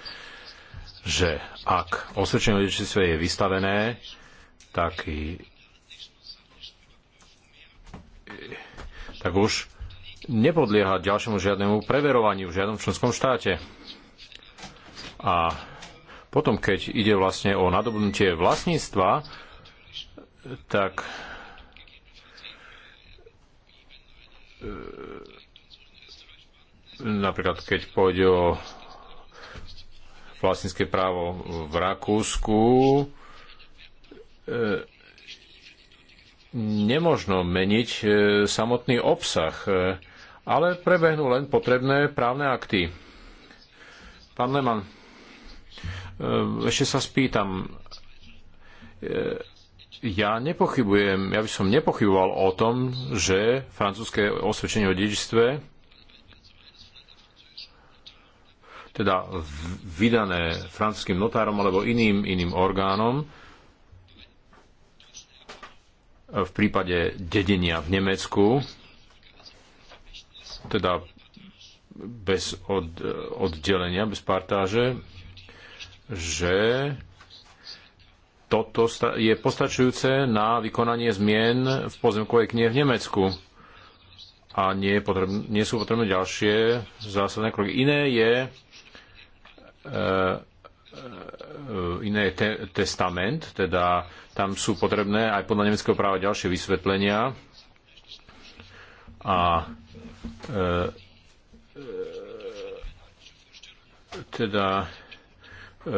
že ak osvedčenie dedičstvo je vystavené, tak, tak už nepodlieha ďalšiemu žiadnemu preverovaniu v žiadnom členskom štáte. A potom, keď ide vlastne o nadobudnutie vlastníctva, tak E, napríklad keď pôjde o vlastnícke právo v Rakúsku, e, nemožno meniť e, samotný obsah, ale prebehnú len potrebné právne akty. Pán Leman, ešte sa spýtam, ja nepochybujem, ja by som nepochyboval o tom, že francúzske osvedčenie o dedičstve, teda vydané francúzským notárom alebo iným, iným orgánom, v prípade dedenia v Nemecku, teda bez od, oddelenia, bez partáže, že toto je postačujúce na vykonanie zmien v pozemkovej knihe v Nemecku a nie, potrebné, nie sú potrebné ďalšie zásadné kroky. Iné je, e, iné je te, testament, teda tam sú potrebné aj podľa nemeckého práva ďalšie vysvetlenia a e, e, teda e, E,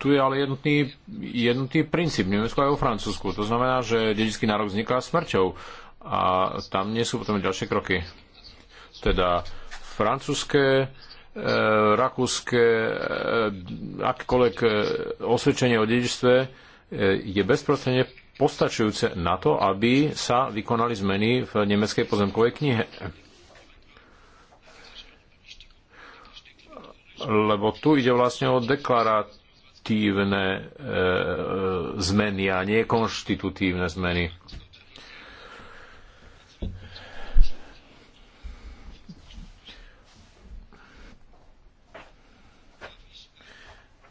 tu je ale jednotný, jednotný princíp Nemecko aj o Francúzsku. To znamená, že dedický nárok vzniká smrťou a tam nie sú potom ďalšie kroky. Teda francúzske, uh, rakúske, uh, akékoľvek osvedčenie o dedičstve uh, je bezprostredne postačujúce na to, aby sa vykonali zmeny v nemeckej pozemkovej knihe lebo tu ide vlastne o deklaratívne e, e, zmeny a nie konštitutívne zmeny.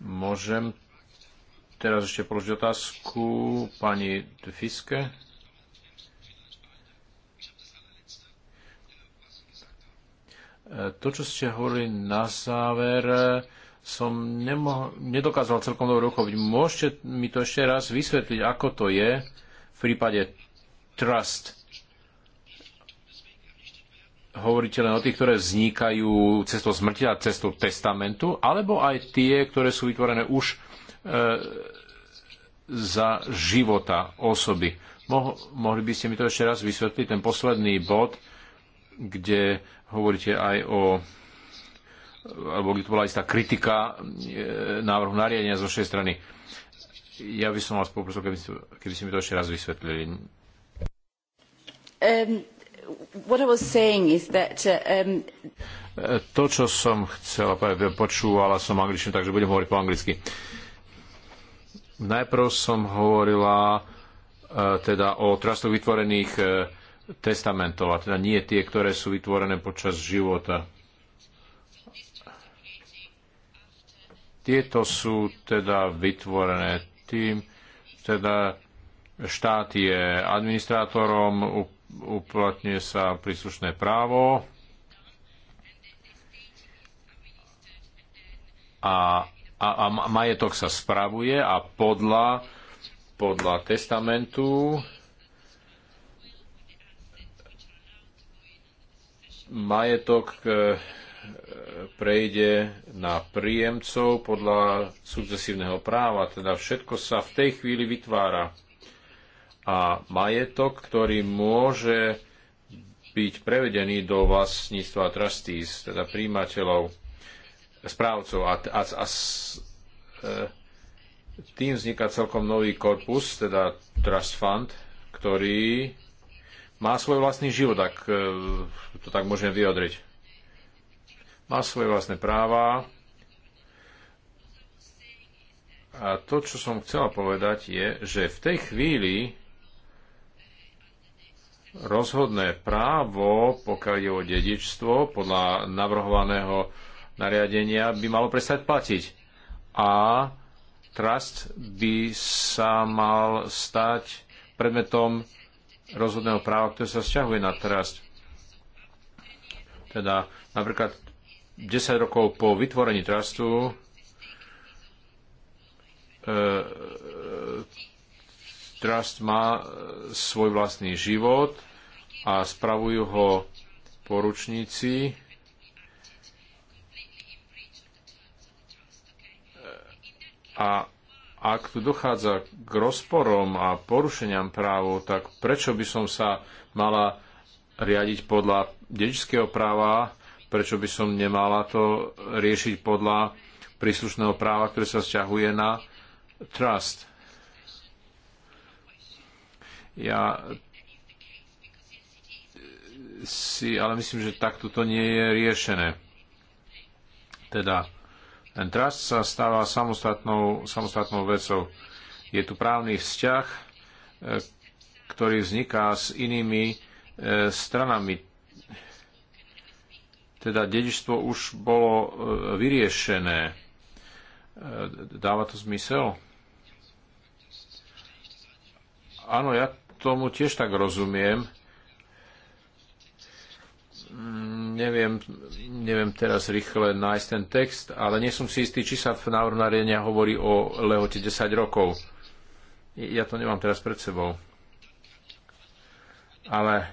Môžem teraz ešte položiť otázku pani Fiske. To, čo ste hovorili na záver, som nemohol, nedokázal celkom dobre uchopiť. Môžete mi to ešte raz vysvetliť, ako to je v prípade trust. Hovoríte len o tých, ktoré vznikajú cestou smrti a cestou testamentu, alebo aj tie, ktoré sú vytvorené už e, za života osoby. Mo, mohli by ste mi to ešte raz vysvetliť, ten posledný bod, kde hovoríte aj o alebo kde to bola istá kritika e, návrhu nariadenia zo všej strany. Ja by som vás poprosil, keby, keby ste mi to ešte raz vysvetlili. Um, that, uh, um... E, to, čo som chcela povedať, počúvala som angličtinu, takže budem hovoriť po anglicky. Najprv som hovorila e, teda o trastoch vytvorených testamentov, a teda nie tie, ktoré sú vytvorené počas života. Tieto sú teda vytvorené tým, teda štát je administrátorom, uplatňuje sa príslušné právo a, a, a majetok sa spravuje a podľa, podľa testamentu majetok e, e, prejde na príjemcov podľa sukcesívneho práva, teda všetko sa v tej chvíli vytvára. A majetok, ktorý môže byť prevedený do vlastníctva trustees, teda príjimateľov, správcov a, a, a s, e, tým vzniká celkom nový korpus, teda trust fund, ktorý má svoj vlastný život, ak e, to tak môžem vyjadriť. Má svoje vlastné práva. A to, čo som chcela povedať, je, že v tej chvíli rozhodné právo, pokiaľ je o dedičstvo, podľa navrhovaného nariadenia, by malo prestať platiť. A trust by sa mal stať predmetom rozhodného práva, ktoré sa vzťahuje na trest. Teda napríklad 10 rokov po vytvorení trustu e, trust má svoj vlastný život a spravujú ho poručníci, a ak tu dochádza k rozporom a porušeniam právo, tak prečo by som sa mala riadiť podľa dedičského práva, prečo by som nemala to riešiť podľa príslušného práva, ktoré sa vzťahuje na trust. Ja si, ale myslím, že takto to nie je riešené. Teda ten trust sa stáva samostatnou, samostatnou vecou. Je tu právny vzťah, e, ktorý vzniká s inými e, stranami. Teda dedičstvo už bolo e, vyriešené. Dáva to zmysel? Áno, ja tomu tiež tak rozumiem neviem, neviem teraz rýchle nájsť ten text, ale nie som si istý, či sa v návrhu nariadenia hovorí o lehote 10 rokov. Ja to nemám teraz pred sebou. Ale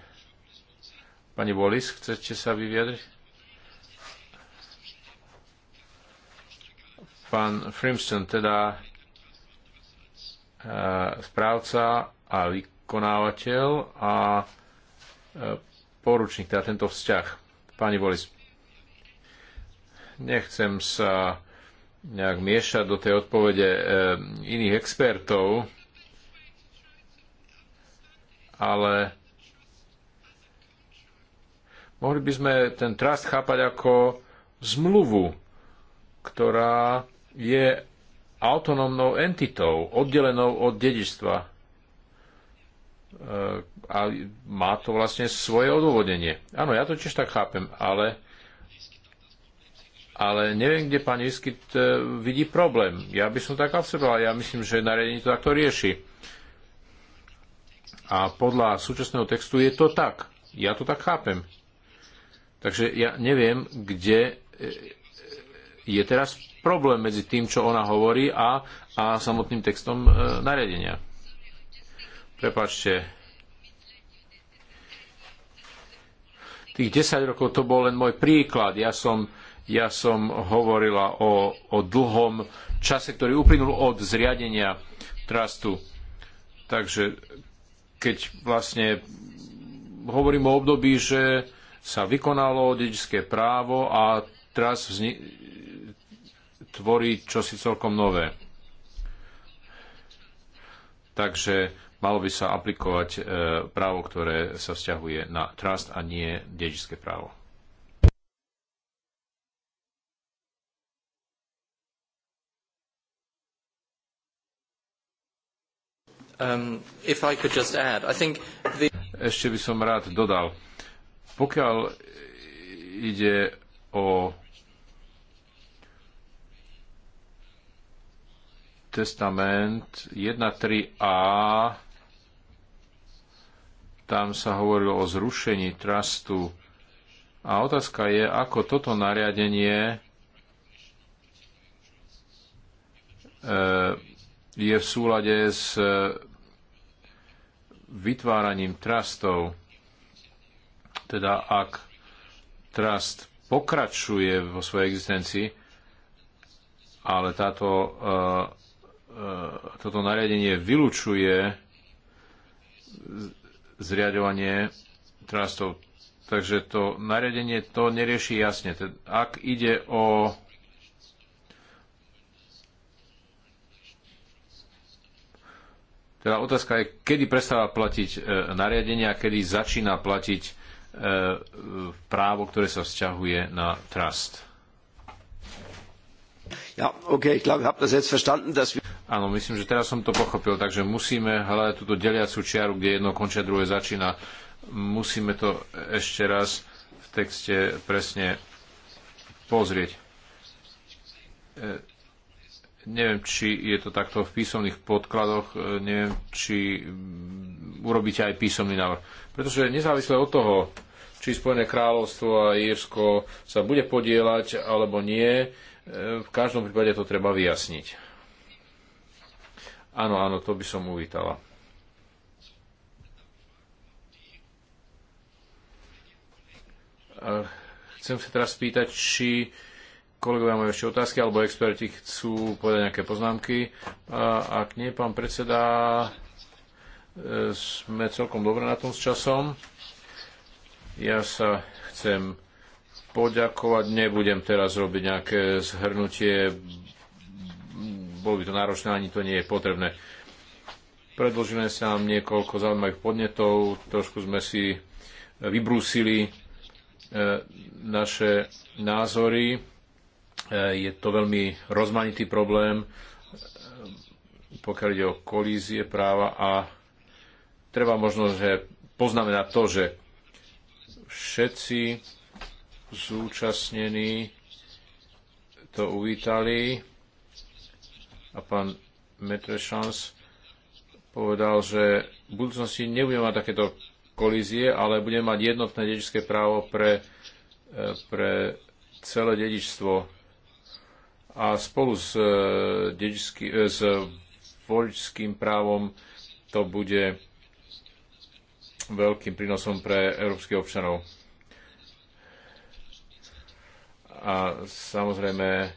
pani Bolis, chcete sa vyviedriť? Pán Frimston, teda e, správca a vykonávateľ a e, poručník, teda tento vzťah. Pani Volis, nechcem sa nejak miešať do tej odpovede eh, iných expertov, ale mohli by sme ten trust chápať ako zmluvu, ktorá je autonómnou entitou, oddelenou od dedičstva Eh, a má to vlastne svoje odôvodenie. Áno, ja to tiež tak chápem, ale, ale neviem, kde pán Iskyt eh, vidí problém. Ja by som tak absolvoval. Ja myslím, že nariadenie to takto rieši. A podľa súčasného textu je to tak. Ja to tak chápem. Takže ja neviem, kde eh, je teraz problém medzi tým, čo ona hovorí a, a samotným textom nariadenia. Prepačte. Tých 10 rokov to bol len môj príklad. Ja som, ja som hovorila o, o dlhom čase, ktorý uplynul od zriadenia trastu. Takže keď vlastne hovorím o období, že sa vykonalo dedičské právo a teraz vzni- tvorí čosi celkom nové. Takže malo by sa aplikovať e, právo, ktoré sa vzťahuje na trust a nie dedičské právo. Um, add, the... Ešte by som rád dodal, pokiaľ ide o testament 1.3a tam sa hovorilo o zrušení trastu. A otázka je, ako toto nariadenie e, je v súlade s e, vytváraním trastov. Teda ak trast pokračuje vo svojej existencii, ale táto, e, toto nariadenie vylučuje zriadovanie trastov. Takže to nariadenie to nerieši jasne. Ak ide o Teda otázka je, kedy prestáva platiť e, nariadenie a kedy začína platiť e, právo, ktoré sa vzťahuje na trust. Ja, okay, ich das jetzt verstanden, dass wir... Áno, myslím, že teraz som to pochopil, takže musíme hľadať túto deliacu čiaru, kde jedno končia, druhé začína. Musíme to ešte raz v texte presne pozrieť. E, neviem, či je to takto v písomných podkladoch, e, neviem, či mm, urobíte aj písomný návrh. Pretože nezávisle od toho, či Spojené kráľovstvo a Írsko sa bude podielať alebo nie, E, v každom prípade to treba vyjasniť. Áno, áno, to by som uvítala. Chcem sa teraz spýtať, či kolegovia majú ešte otázky, alebo experti chcú povedať nejaké poznámky. ak nie, pán predseda, e, sme celkom dobre na tom s časom. Ja sa chcem poďakovať. Nebudem teraz robiť nejaké zhrnutie. Bolo by to náročné, ani to nie je potrebné. Predložíme sa nám niekoľko zaujímavých podnetov. Trošku sme si vybrúsili e, naše názory. E, je to veľmi rozmanitý problém, e, pokiaľ ide o kolízie práva a treba možno, že poznamená to, že všetci zúčastnení to uvítali a pán Metrešans povedal, že v budúcnosti nebudeme mať takéto kolízie, ale budeme mať jednotné dedičské právo pre, e, pre celé dedičstvo. A spolu s, e, dedičský, e, s voličským právom to bude veľkým prínosom pre európskych občanov a samozrejme e,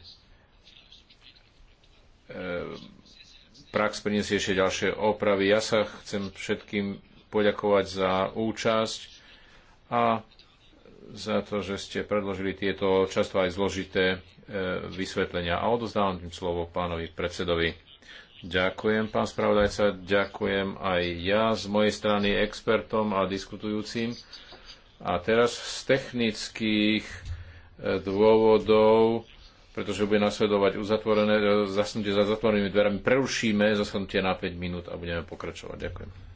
prax priniesie ešte ďalšie opravy. Ja sa chcem všetkým poďakovať za účasť a za to, že ste predložili tieto často aj zložité e, vysvetlenia. A odozdávam tým slovo pánovi predsedovi. Ďakujem, pán spravodajca, ďakujem aj ja z mojej strany expertom a diskutujúcim. A teraz z technických dôvodov, pretože bude nasledovať uzatvorené, e, zasnutie za zatvorenými dverami, prerušíme zasadnutie na 5 minút a budeme pokračovať. Ďakujem.